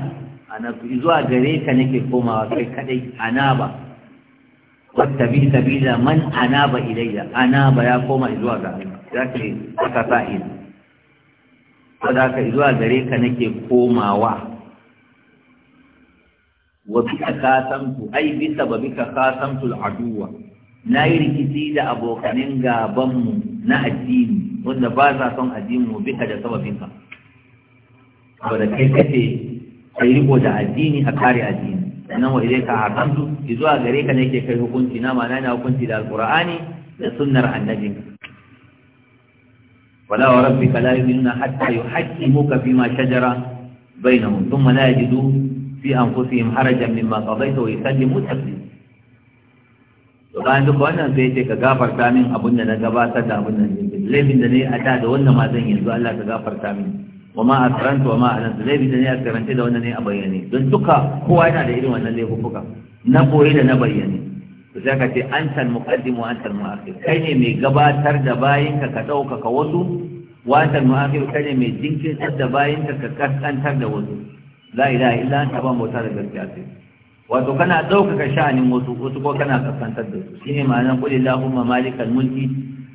anabtu zuwa gare ka nake komawa kai kadai anaba wattabi sabila man anaba ilayya anaba ya koma zuwa ga Allah zaka aka sa'il ko da ka zuwa gare ka nake komawa وبتكاسمت أي بسببك كاسمت العدو نائر كثير أبو كننغا بم نا الدين وإن بازا تن الدين وبك جا سببك أبدا كيف كتي خيرب وجا الدين أكاري الدين أنه إليك عرمت إذو أغريك نيكي كيف كنت نام أنا وكنت إلى القرآن لسنة عن نجم ولا وربك لا يؤمنون حتى يحكموك فيما شجر بينهم ثم لا يجدون fi anfusihim harajan mimma qadaita wa mu tafi to bayan duka wannan sai ce ka gafarta min abin da na gabatar da abin da ne laifin da ne a da da wannan ma zan yanzu Allah ka gafarta min wa ma asranta wa ma alanta laifin da ne a karanta da wannan ne a bayyane don duka kowa yana da irin wannan laifuka na koyi da na bayyane to sai ka ce antal muqaddim wa antal mu'akhir kai ne mai gabatar da bayin ka dauka ka wasu wa antal mu'akhir kai ne mai jinkirtar da bayin ka kaskantar da wasu la ilaha illa anta ba mota da gaskiya ce wato kana daukaka sha'anin wasu wasu ko kana kaskantar da su shine ma'anar qul illahumma malikal mulki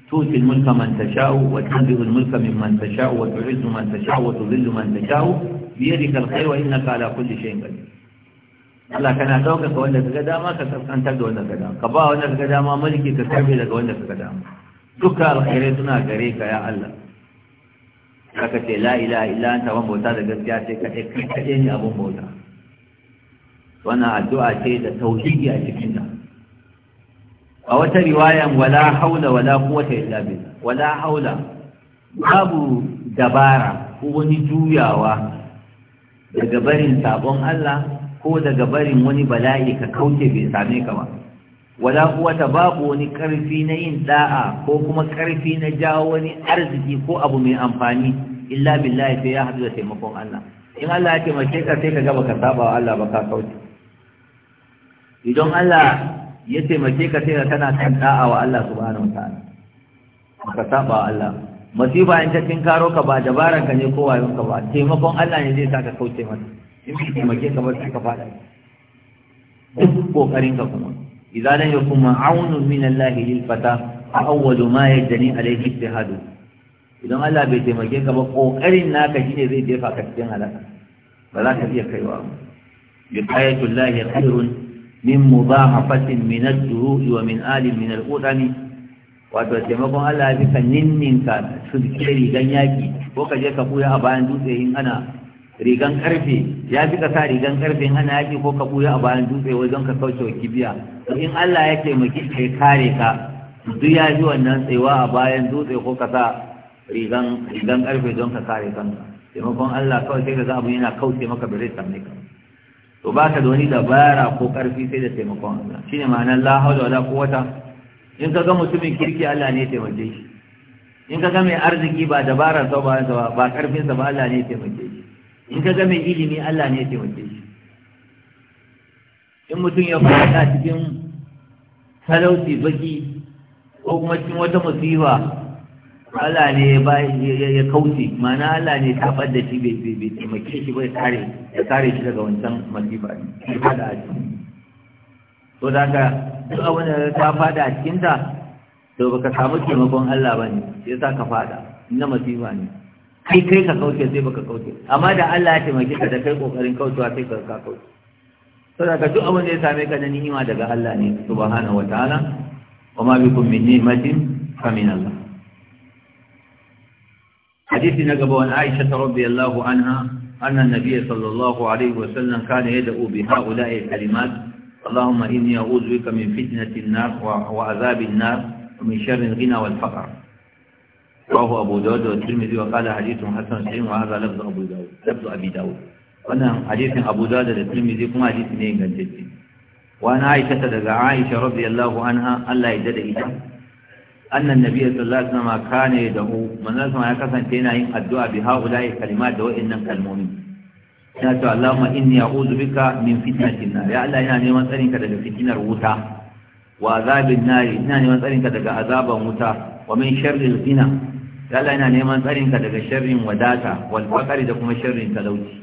tuti al-mulka man tasha'u wa tanzi'u al-mulka mimman tasha'u wa tu'izzu man tasha'u wa tudhillu man tasha'u bi yadika al-khayr wa innaka ala kulli shay'in qadir Allah kana daukaka wanda kaga dama ka kaskantar da wanda kaga dama ka ba wanda kaga dama mulki ka karbe daga wanda kaga dama duka alkhairai suna gare ka ya Allah kaka ce la ilaha illa wan bauta da gaskiya ce kace ne abun bauta wannan addu'a ce da tauhidi a cikin ta a wata riwaya, wala haula wala quwwata illa billah wala haula babu dabara ko wani juyawa daga barin sabon Allah ko daga barin wani bala'i ka kauce bai same ka ba wala kuwata babu wani karfi na yin da'a ko kuma karfi na jawo wani arziki ko abu mai amfani illa billahi sai ya hadu da taimakon Allah in Allah ya taimake ka sai ka gaba ka saba wa Allah ka kauce idan Allah ya taimake ka sai ka kana kan da'a wa Allah subhanahu wataala ka saba wa Allah masifa in ta karo ka ba dabaran ka ne ko wayon ka ba taimakon Allah ne zai saka kauce masa, in ka taimake ka ba sai ka fada duk kokarin ka kuma إذا لم يكن عون من الله للفتى فأول ما يجني عليه اجتهاده idan Allah bai taimake ka ba kokarin naka ne zai jefa ka cikin halaka ba za ka iya kaiwa ba biqayatu llahi khairun min mudahafatin min ad-duru'i wa min alin min al-qudami wato taimakon Allah ya fi ka ninninka su rigan yaki ko ka je ka buya a bayan dutse in ana rigan karfe ya fi ka sa rigan karfe ana yaƙi ko ka buya a bayan dutse wajen ka kauce wa kibiya to in Allah ya taimaki ka ya kare ka duk ya ji wannan tsayuwa a bayan dutse ko ka sa rigan rigan karfe don ka kare kanka taimakon Allah kawai sai ka ga abu yana kauce maka zai same ka to ba ka da wani dabara ko karfi sai da taimakon Allah shine ma'anar la hawla wala quwwata in ka ga mutumin kirki Allah ne ya taimake shi in ka ga mai arziki ba dabarar sau ba ba karfin sa ba Allah ne ya taimake shi in ka zama ilimi Allah ne ya taimake shi in mutum ya faɗa cikin talauci baki ko kuma cikin wata musiba Allah ne ya kauce mana Allah ne ta da shi bai taimake shi bai kare ya kare shi daga wancan masifa ne faɗa a cikin to da ka duk abin da ta faɗa a cikinta to baka samu taimakon Allah ba ne sai sa ka faɗa na masifa ne kai kai ka kauce sai baka kauce amma da Allah ya taimake ka da kai kokarin kaucewa sai ka ka kauce saboda ka duk abin da ya same ka na ni'ima daga Allah ne subhanahu wataala wa ma bikum min ni'matin fa min Allah حديث نقبه عن عائشة رضي الله عنها أن النبي صلى الله عليه وسلم كان يدعو بهؤلاء الكلمات اللهم إني أعوذ بك من فتنة النار وعذاب النار ومن شر الغنى والفقر abu رواه أبو داود والترمذي وقال حديث حسن صحيح وهذا لفظ أبو داود لفظ أبي داود wannan hadisin Abu Dawud da Tirmidhi kuma hadisi ne ingantacce wa na Aisha ta daga Aisha radiyallahu anha Allah ya dade ita annan nabiyyu sallallahu alaihi wasallam kana yadahu manzon sama ya kasance yana yin addu'a bi haula'i kalimat da wa'annan kalmomi ya to Allahumma inni a'udhu bika min fitnatin nar ya Allah ina neman tsarin ka daga fitinar wuta wa azabin nar ina neman tsarin ka daga azaban wuta wa min sharril ghina Allah yana neman tsarinka daga sharrin wadata wal faqari da kuma sharrin talauci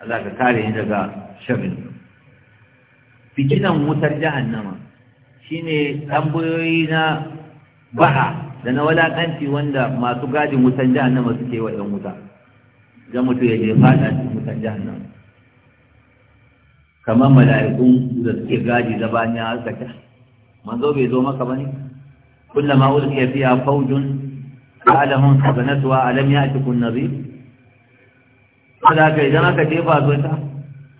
Allah ka kare ni daga sharrin fitinan wutar jahannama shine tambayoyi na baha da na walakanci wanda masu gadin wutan jahannama suke wa ɗan wuta zan mutu ya je fada cikin wutan jahannama kamar mala'ikun da suke gadi zabaniya alkata manzo bai zo maka bane kullama ulqiya fiha fawjun alahun sabanatuwa alam ya ci kun nabi sadaka idan aka jefa zuwa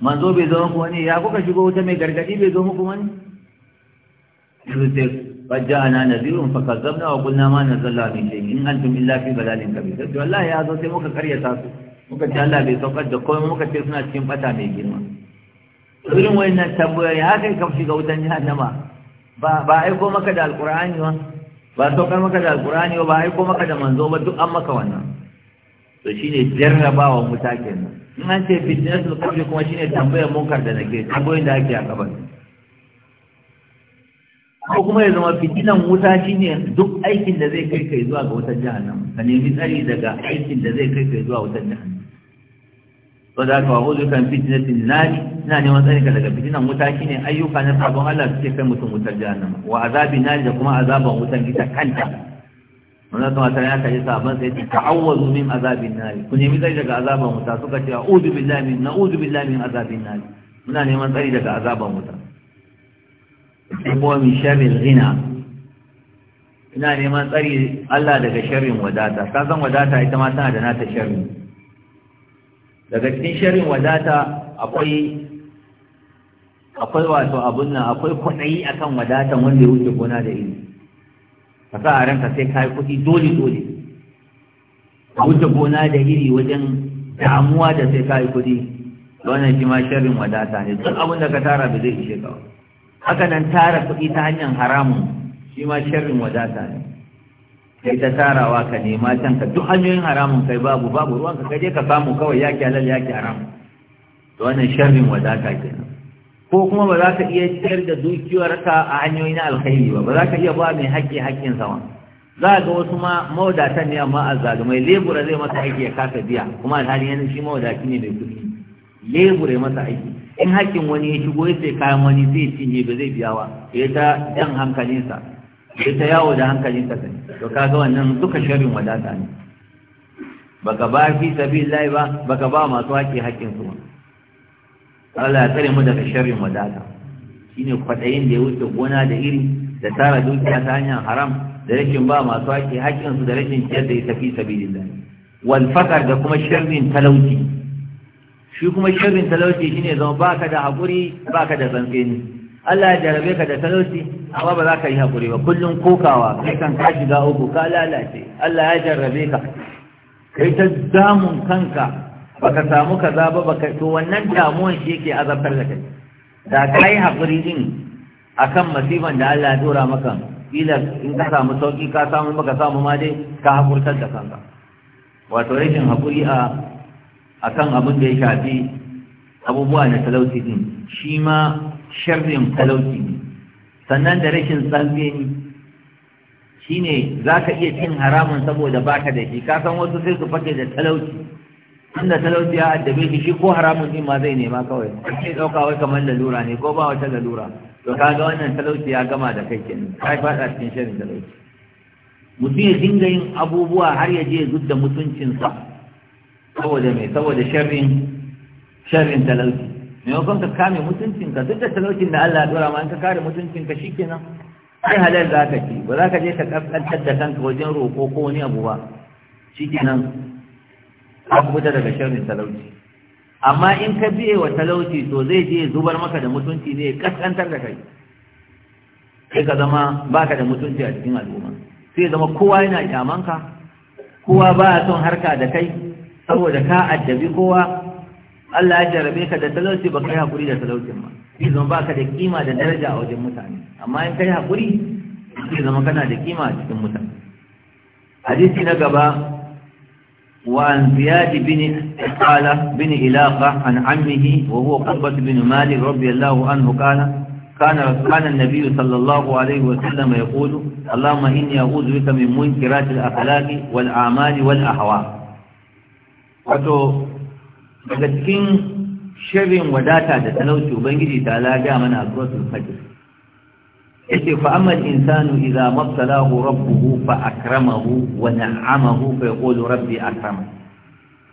manzo bai zo muku wani ya kuka shigo wuta mai gargadi bai zo muku wani yanzu sai fajja ana nazirun fa kazzabna wa qulna ma nazalla min shay in antum illa fi balalin kabir to wallahi ya zo sai muka karyata su muka ce Allah bai saukar da komai muka ce suna cikin bata mai girma irin wayannan tambayoyi haka kan shiga wutan jahannama ba ba aiko maka da alqur'ani ba ba saukar maka da alkurani ba aiko maka da manzo ba duk an maka wannan to shine jarrabawa mutakin nan in an ce fitnatul qabri kuma shine tambayar munkar da nake tambayoyin da ake a kabar ko kuma ya zama fitinan wuta shine duk aikin da zai kai kai zuwa ga wutar jahannam ka nemi tsari daga aikin da zai kai kai zuwa wutar jahannam to da ka wuzu kan fitnatin nari ina neman tsarika daga fitinan wuta shine ayyuka na sabon Allah suke kai mutum wutar jahannama wa azabin nari da kuma azaban wutan ita kanta wannan kuma sai ya kai sabon sai ta'awwazu min azabin nari ku nemi tsari daga azaban wuta suka ce a'udhu billahi min na'udhu billahi min azabin nari muna neman tsari daga azaban wuta kuma min sharril zina. ina neman tsari Allah daga sharrin wadata ka san wadata ita ma tana da nata sharri daga cikin sharin wadata akwai akwai wato abun nan akwai kwaɗayi akan wadatan wanda ya wuce gona da ilimi ka sa a ranka sai ka yi kuɗi dole dole a wuce gona da iri wajen damuwa da sai ka yi kuɗi wannan shi ma sharrin wadata ne duk abin da ka tara ba zai ishe ka haka nan tara kuɗi ta hanyar haramun shi ma sharrin wadata ne kai ta tarawa ka nema can ka duk hanyoyin haramun kai babu babu ruwan ka je ka samu kawai yaki halal yaki haram to wannan sharrin wadata kenan ko kuma ba za ka iya ciyar da dukiyar ka a hanyoyi na alkhairi ba ba za ka iya ba mai haƙƙi haƙƙin sama za ga wasu ma mawadatan ne amma azzalumai lebura zai masa aiki ya kasa biya kuma alhali yana shi mawadaci ne mai kuɗi lebura ya masa aiki in haƙƙin wani ya shigo ya sai kayan wani zai cinye ba zai biya ba ya ta jan hankalinsa ya ta yawo da hankalin ka sani to kaga wannan duka sharrin wadata ne baka ba fi lai ba baka ba masu haƙi haƙƙin su Allah ya tsare mu daga sharrin wadata shine kwadayin da ya wuce gona da iri da tara dukiya ta hanyar haram da rashin ba masu haƙi haƙƙin su da rashin ciyar da ita fi lai wal fakar da kuma sharrin talauci shi kuma sharrin talauci shine zama baka da haƙuri baka da tsantseni Allah ya jarabe ka da talauci amma ba za ka yi haƙuri ba kullum kokawa kai kan ka shiga uku ka lalace Allah ya jarabe ka kai ta damun kanka ka samu kaza ba baka to wannan damuwan shi yake azabtar da kai da kai haƙuri din akan masifan da Allah ya dora maka ila in ka samu sauki ka samu baka samu ma dai ka haƙurtar da kanka wato rashin haƙuri a akan abin da ya shafi abubuwa na talauci din shi ma sharrin talauci ne sannan da rashin shi ne za ka iya cin haramun saboda baka da shi ka san wasu sai su fake da talauci inda talauci ya addabe shi shi ko haramun din ma zai nema kawai sai ɗauka wai kamar lalura ne ko ba wata lalura to ka ga wannan talauci ya gama da kai kenan ka faɗa cikin sharrin talauci mutum ya dinga yin abubuwa har ya je zudda mutuncinsa saboda mai saboda sharrin sharrin talauci maimakon ka kame mutuncinka duk da talaucin da Allah ya dora ma in ka kare mutuncinka kenan ai halal za ka ci ba za ka je ka kaskantar da kanka wajen roƙo ko wani abu ba kenan ka fita daga sharrin talauci amma in ka biye wa talauci to zai je zubar maka da mutunci ne kaskantar da kai sai ka zama baka da mutunci a cikin al'umma sai zama kowa yana kyamanka kowa ba son harka da kai saboda ka addabi kowa Allah ya jarabe ka da talauci ba kai hakuri da talaucin ba zai zama baka da kima da daraja a wajen mutane amma in kai hakuri zai zama kana da kima a cikin mutane hadisi na gaba وعن زياد بن قال بن إلاقة عن عمه وهو قربة بن مالك رضي الله عنه قال كان كان النبي صلى الله عليه وسلم يقول اللهم إني أعوذ بك من منكرات الأخلاق والأعمال والأهواء wato daga cikin shirin wadata da talauci ubangiji ta laga mana a suratul fajr yace fa amma al-insanu idza mabtalahu rabbuhu fa akramahu wa na'amahu fa yaqulu rabbi akrama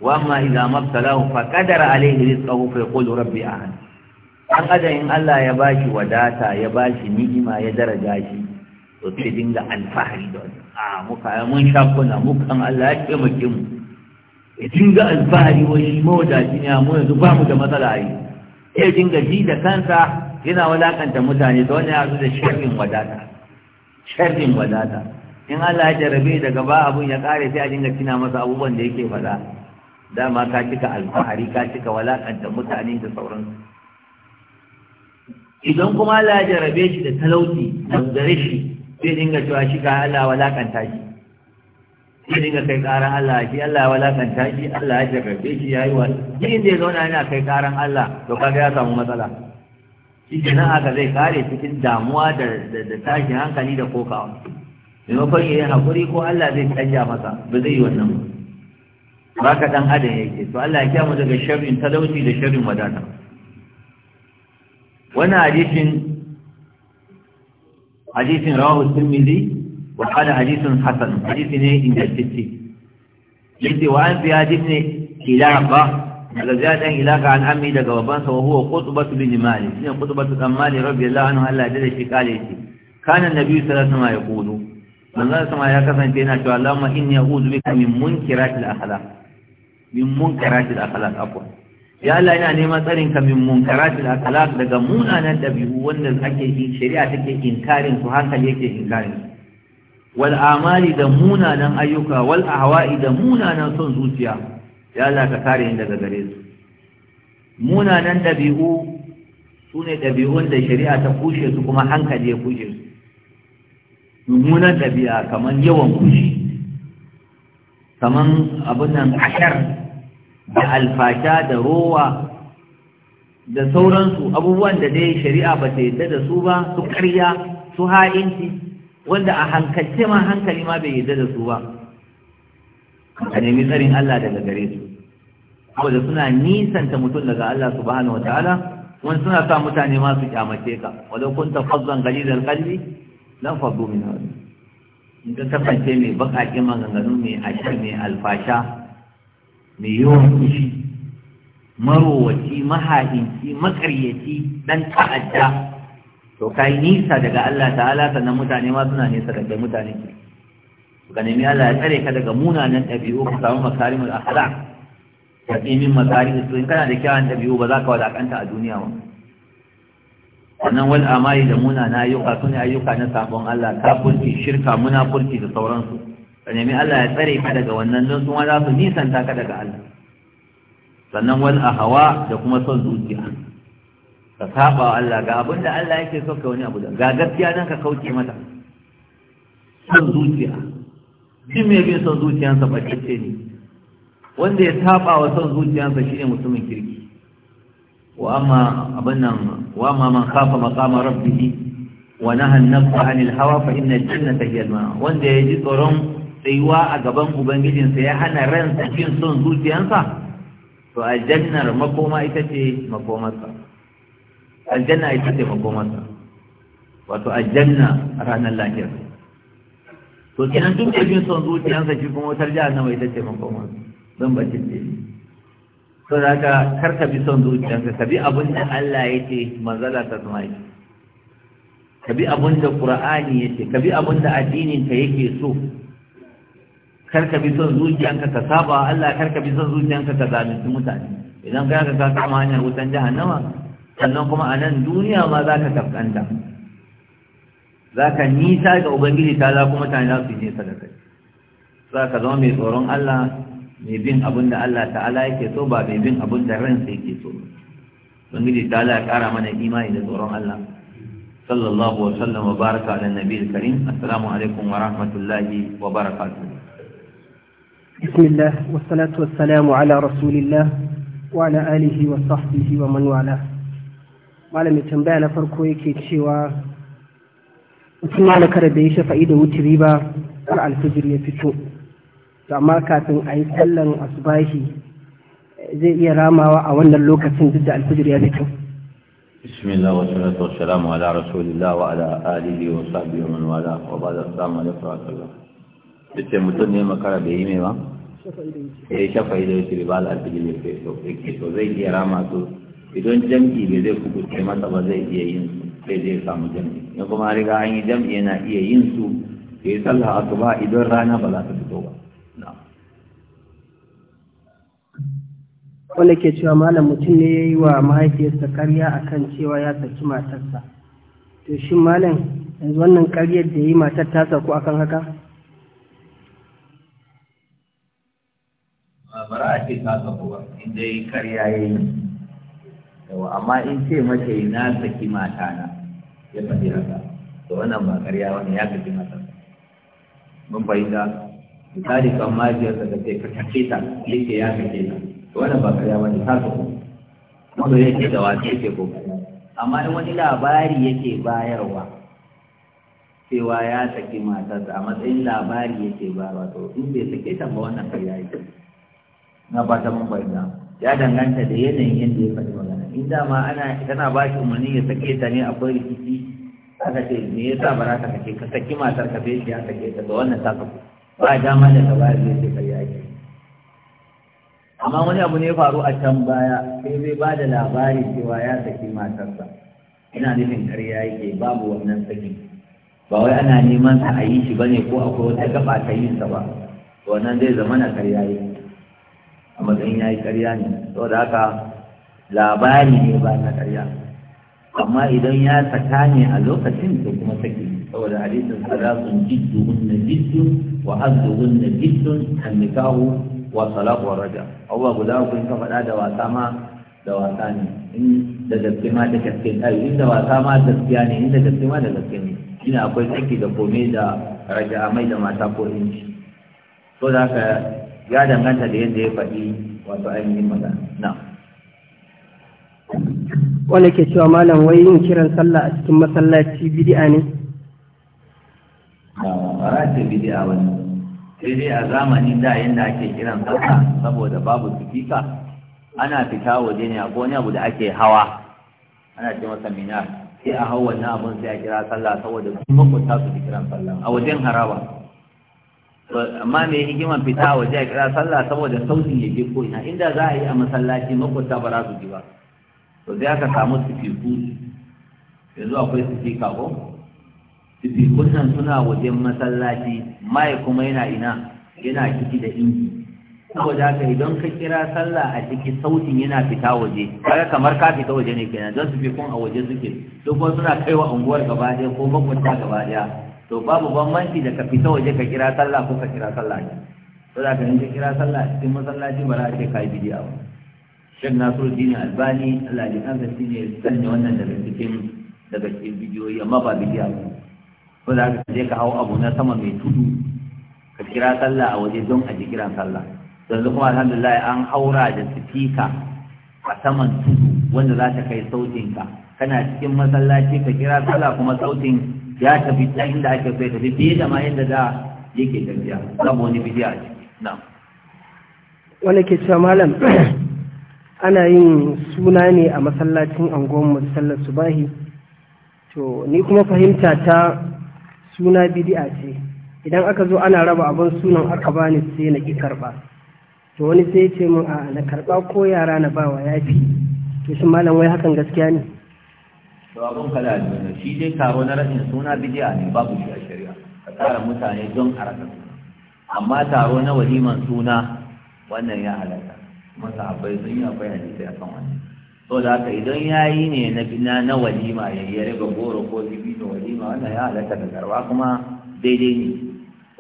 wa amma idza mabtalahu fa qadara alayhi rizqahu fa yaqulu rabbi ahana an adam in Allah ya bashi wadata ya bashi ni'ima ya daraja shi to sai dinga alfahari da wannan a ah, muka mun shakuna mukan Allah ya taimake mu ya dinga alfahari wani shi mawadaci ne yanzu ba mu da matsala a yi ya dinga ji da kansa yana walakanta mutane da wani yanzu da sharrin wadata sharrin wadata in Allah ya jarabe daga ba abun ya kare sai a dinga tina masa abubuwan da yake faɗa dama ka cika alfahari ka cika walakanta mutane da sauransu idan kuma Allah ya jarabe shi da talauci da shi, zai dinga cewa shi ka Allah walakanta shi ya dinga kai karan Allah shi Allah ya kan shi Allah ya shakarfe shi ya yi wani shi da ya zauna yana kai karan Allah to kaga ya samu matsala shi nan haka zai kare cikin damuwa da tashin hankali da kokawa maimakon ya haƙuri ko Allah zai canja masa ba zai yi wannan ba ka ɗan adam yake to Allah ya mu daga sharrin talauci da sharrin wadata wannan hadisin hadisin rawahu tirmidhi wa qala hadithun hasan hadithi ne inda titti yace wa an ziyad ibn ilaqa daga ziyad ibn ilaqa an ammi daga babansa wa huwa qutbatu bin malik ne qutbatu dan malik radiyallahu anhu Allah da shi kale shi kana nabi sallallahu alaihi wasallam yaqulu manzon ya kasance yana cewa Allahumma inni a'udhu bika min munkiratil akhlaq min munkiratil akhlaq afwan ya Allah ina neman tsarin ka min munkaratil akhlaq daga munanan dabi'u wanda ake yi shari'a take inkarin su yake inkarin wal da munanan ayyuka wal ahwa'i da munanan son zuciya ya Allah ka kare ni daga gare su munanan dabi'u sune dabi'un da shari'a ta kushe su kuma hankali ya kushe su mummunan dabi'a kamar yawan kushi kamar abin nan ashar da alfasha da rowa da sauransu abubuwan da dai shari'a ba ta yadda da su ba su karya su ha'inci wanda a hankalce ma hankali ma bai yarda da su ba a nemi tsarin Allah daga gare su saboda suna nisanta mutum daga Allah subhanahu wataala wani suna sa mutane ma su kyamace ka walau kunta fazzan galilal qalbi lan faɗo min hawli in ka kasance mai bakakin maganganu mai ashir mai alfasha mai yawan fushi marowaci mahahinci makaryaci dan ta'adda to kai nisa daga Allah ta'ala sannan mutane ma suna nisa daga mutane ki ka nemi Allah ya tsare ka daga munanan ɗabi'u ka samu makarimul akhlaq ka min makarimul su in kana da kyawun ɗabi'u ba za ka wadakanta a duniya ba wannan wal amali da munana ayyuka sune ayyuka na sabon Allah kafirci shirka munafurci da sauransu ka nemi Allah ya tsare ka daga wannan don su ma za su nisanta ka daga Allah sannan wal ahawa da kuma son zuciya ka saba wa Allah ga abin da Allah yake so ka wani abu da ga gaskiya nan ka kauce mata son zuciya shi mai bin son zuciyansa bacce ne wanda ya saba wa son zuciyansa shine mutumin kirki wa amma abin nan wa amma man khafa maqama rabbih wa naha an-nafsa 'anil hawa fa inna al-jannata hiya al-ma'a wanda ya ji tsoron tsayuwa a gaban ubangijinsa ya hana ransa cikin son zuciyansa to aljannar makoma ita ce makomarsa aljanna ita ce makomarsa wato aljanna a ranar lahiyar to kenan tun da jin son zuciyarsa shi kuma wutar jahannama ita ce makomarsa don ba jini to da ka karka bi son zuciyarsa ka bi abin da Allah ya ce manzala ta zama yake ka bi abin da Qur'ani ya ce ka bi abin da addinin ka yake so karka bi son zuciyanka ka saba Allah karka bi son zuciyanka ka zalunci mutane idan ka ga ka kama hanyar wutan jahannama sannan kuma a nan duniya ma za ka kaskanta za ka nisa ga ubangiji ta za kuma mutane za su yi nesa da kai za ka zama mai tsoron allah mai bin abin da allah ta'ala yake so ba mai bin abin da ransa yake so ubangiji ta ya kara mana imani da tsoron allah sallallahu wa sallam wa baraka ala nabi karim assalamu alaikum wa rahmatullahi wa barakatuh بسم الله والصلاة والسلام على رسول الله وعلى آله وصحبه ومن والاه ya tambaya na farko yake cewa mutum malakar da ya shafa'i da wuturi ba har alfijir ya fito amma kafin a yi sallan asubahi zai iya ramawa a wannan lokacin duk da alfijir ya fito bismillah wa salatu wa salamu ala rasulillah wa ala alihi wa sahbihi wa man wala wa da assalamu alaikum wa rahmatullah yace mutum ne makara bai yi mai ba ya shafa'i da wuturi ba alfijir ya fito zai iya rama su idan jam'i bai zai kubuce masa ba zai iya yin su sai zai samu jam'i ya kuma riga an yi jam'i yana iya yin su ya yi sallah ba idan rana ba za ta fito ba wanda ke cewa malam mutum ne ya yi wa mahaifiyarsa karya a kan cewa ya saki matarsa to shi malam yanzu wannan karyar da ya yi matar ta saku akan haka bara a ce ta saku ba inda ya yi karya ya yi yawa amma in ce mace na saki matana ya faɗi haka to wannan ba ƙarya wani ya saki mata mun fahimta misali kan majiyarsa da ce ka sake ta yake ya sake ta to wannan ba ƙarya wani ta sako wanda yake da wasu yake ko. amma in wani labari yake bayarwa cewa ya saki matarsa a matsayin labari yake bayarwa. To in bai sake ta ba wannan ƙarya ya na ba ta mun fahimta ya danganta da yanayin yadda ya faɗi in dama ana kana ba shi umarni ya sake ta ne akwai rikici aka ce me yasa ba za ka sake ka saki matar ka bai ya sake ta ga wannan saka kafu ba dama da ka bayar zai sai yaki amma wani abu ne faru a can baya sai zai ba da labari cewa ya saki matarsa ina nufin karya yake babu wannan sakin ba wai ana neman sa a yi shi bane ko akwai wata gaba ta yin sa ba wannan zai zama na karya yake a matsayin ya yi karya ne saboda haka labari ne ba na ƙarya amma idan ya saka ne a lokacin da kuma take saboda hadisin salatun jidduhun na jiddu wa azduhun na jiddun kan nikahu wa salatu wa raja abubuwa guda uku in ka faɗa da wasa ma da wasa ne in da gaske ma da gaske ai in da wasa ma gaske ne in da gaske ma da gaske ne shine akwai tsaki da kome da raja mai da mata ko inci to da haka ya danganta da yadda ya faɗi wato ainihin magana na'am wanda ke cewa malam wai yin kiran sallah a cikin masallaci bid'a ne ba ce bid'a ba ne sai dai a zamanin da yadda ake kiran sallah saboda babu sifika ana fita waje ne a wani abu da ake hawa ana ce masa mina sai a hau wannan abun sai a kira sallah saboda su makwata su fi kiran sallah a wajen haraba amma me hikiman fita waje a kira sallah saboda sautin ya ko ina inda za a yi a masallaci makwata ba za su ji ba to sai aka samu sifiku yanzu akwai sifika ko sifikun nan suna wajen masallaci mai kuma yana ina yana ciki da inji saboda haka idan ka kira sallah a ciki sautin yana fita waje kaga kamar ka fita waje ne kenan don sifikun a waje suke duk kuma suna kaiwa unguwar gaba ɗaya ko makwabta gaba ɗaya to babu bambanci da ka fita waje ka kira sallah ko ka kira sallah ne saboda haka in ka kira sallah cikin masallaci ba za a ce kai bidiya ba shek nasiru dini albani allah ya kansa shi ne sanya wannan daga cikin daga cikin bidiyoyi amma ba bidiyo ba ko za ka je ka hau abu na sama mai tudu ka kira sallah a waje don a ji kiran sallah yanzu kuma alhamdulillah an haura da sifika a saman tudu wanda za ta kai sautinka kana cikin masallaci ka kira sallah kuma sautin ya tafi ta inda ake so ya tafi fiye da ma yadda da yake tafiya babu wani bidiyo a ciki na wani ke cewa malam ana yin suna ne a masallacin anguwanmu da sallar subahi to ni kuma fahimta ta suna bidi'a ce idan aka zo ana raba abin sunan aka bani sai na ki karba to wani sai ce min a na karba ko yara na bawa yafi to shi malam wai hakan gaskiya ne to abun kala ne shi dai taro na rashin suna bidi'a ne babu shi a shari'a ka tara mutane don a suna, amma taro na waliman suna wannan ya halatta masahabbai sun yi akwai hadisai a kan wani so da haka idan ya yi ne na bina na walima ya yi riga goro ko bibi da walima wanda ya halatta da garba kuma daidai ne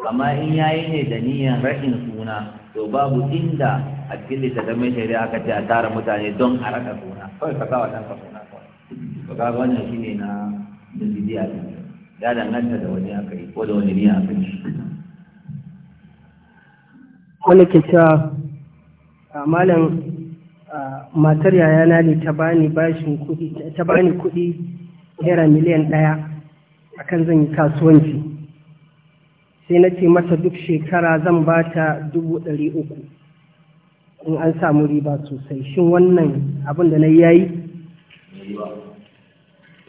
amma in ya yi ne da niyan rashin suna to babu inda a cikin mai shari'a aka ce a tara mutane don a raka suna kawai ka kawo ɗanka suna kawai to kaga wannan shine na da cikin ya danganta da wani aka yi ko da wani niyan aka yi wani ke cewa malam matar yayana ne ta bani bashin kuɗi ta bani kuɗi naira miliyan ɗaya akan zan yi kasuwanci sai na ce masa duk shekara zan ba ta dubu ɗari uku in an samu riba sosai shin wannan abin da na yi yayi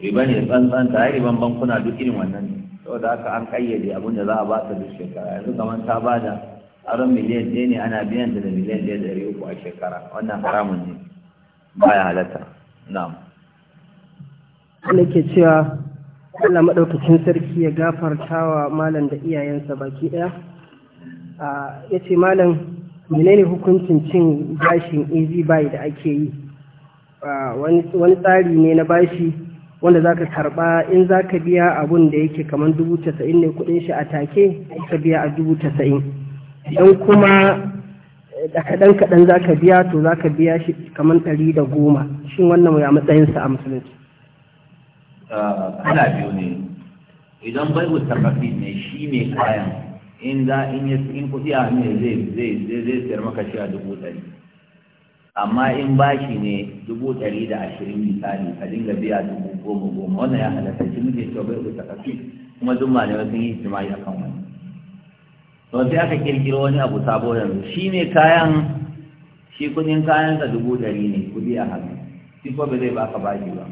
riba ne tsantsan ta riban bankuna duk irin wannan ne saboda haka an kayyade abin da za a ba ta duk shekara yanzu kamar ta ba da aron miliyan ɗaya ne ana biyan da miliyan ɗaya da ɗari uku a shekara wannan haramun ne baya halatta na'am wanda ke cewa Allah maɗaukacin sarki ya gafarta wa malam da iyayensa baki ɗaya ya ce malam menene hukuncin cin gashin easy buy da ake yi wani tsari ne na bashi wanda za ka karɓa in za ka biya abun da yake kamar dubu casa'in ne kuɗin shi a take ka biya a dubu casa'in idan kuma eh, da kaɗan kaɗan za ka biya to za ka biya shi kamar ɗari da goma shin wannan ya matsayinsa a musulunci eh, ana biyu ne idan bai mutarrafi ne shi ne kayan in za in yi in kuɗi a ne zai zai zai sayar maka shi a dubu ɗari amma in bashi ne dubu ɗari da ashirin misali ka dinga biya dubu goma goma wannan ya halatta shi muke cewa bai mutarrafi kuma duk ne wasu yi jima'i akan wani to sai aka kirkiro wani abu sabo yanzu shi ne kayan shi kudin kayan ka dubu ɗari ne kudi a hannu shi ko ba zai baka baki ba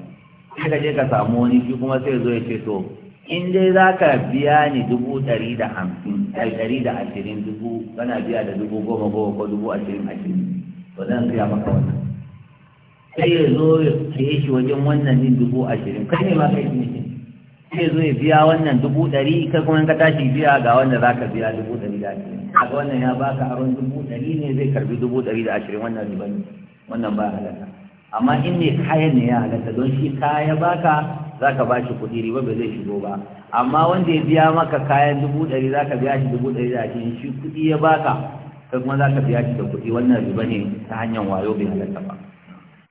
sai ka je ka samu wani shi kuma sai zo ya ce to in dai za ka biya ni dubu ɗari da hamsin ɗari da ashirin dubu kana biya da dubu goma goma ko dubu ashirin ashirin to zan siya maka wannan sai ya zo ya shi wajen wannan din dubu ashirin kai ne ma kai ne sai zo ya biya wannan dubu ɗari kai kuma ka tashi biya ga wanda za ka biya dubu ɗari da ashirin ga wannan ya baka aron dubu ɗari ne zai karbi dubu ɗari da ashirin wannan riba ne wannan ba halatta amma in ne kayan ne ya halatta don shi kaya baka za ka ba shi kuɗi riba ba zai shigo ba amma wanda ya biya maka kayan dubu ɗari za ka biya shi dubu ɗari da ashirin shi kuɗi ya baka kai kuma za ka biya shi da kuɗi wannan riba ne ta hanyar wayo bai halatta ba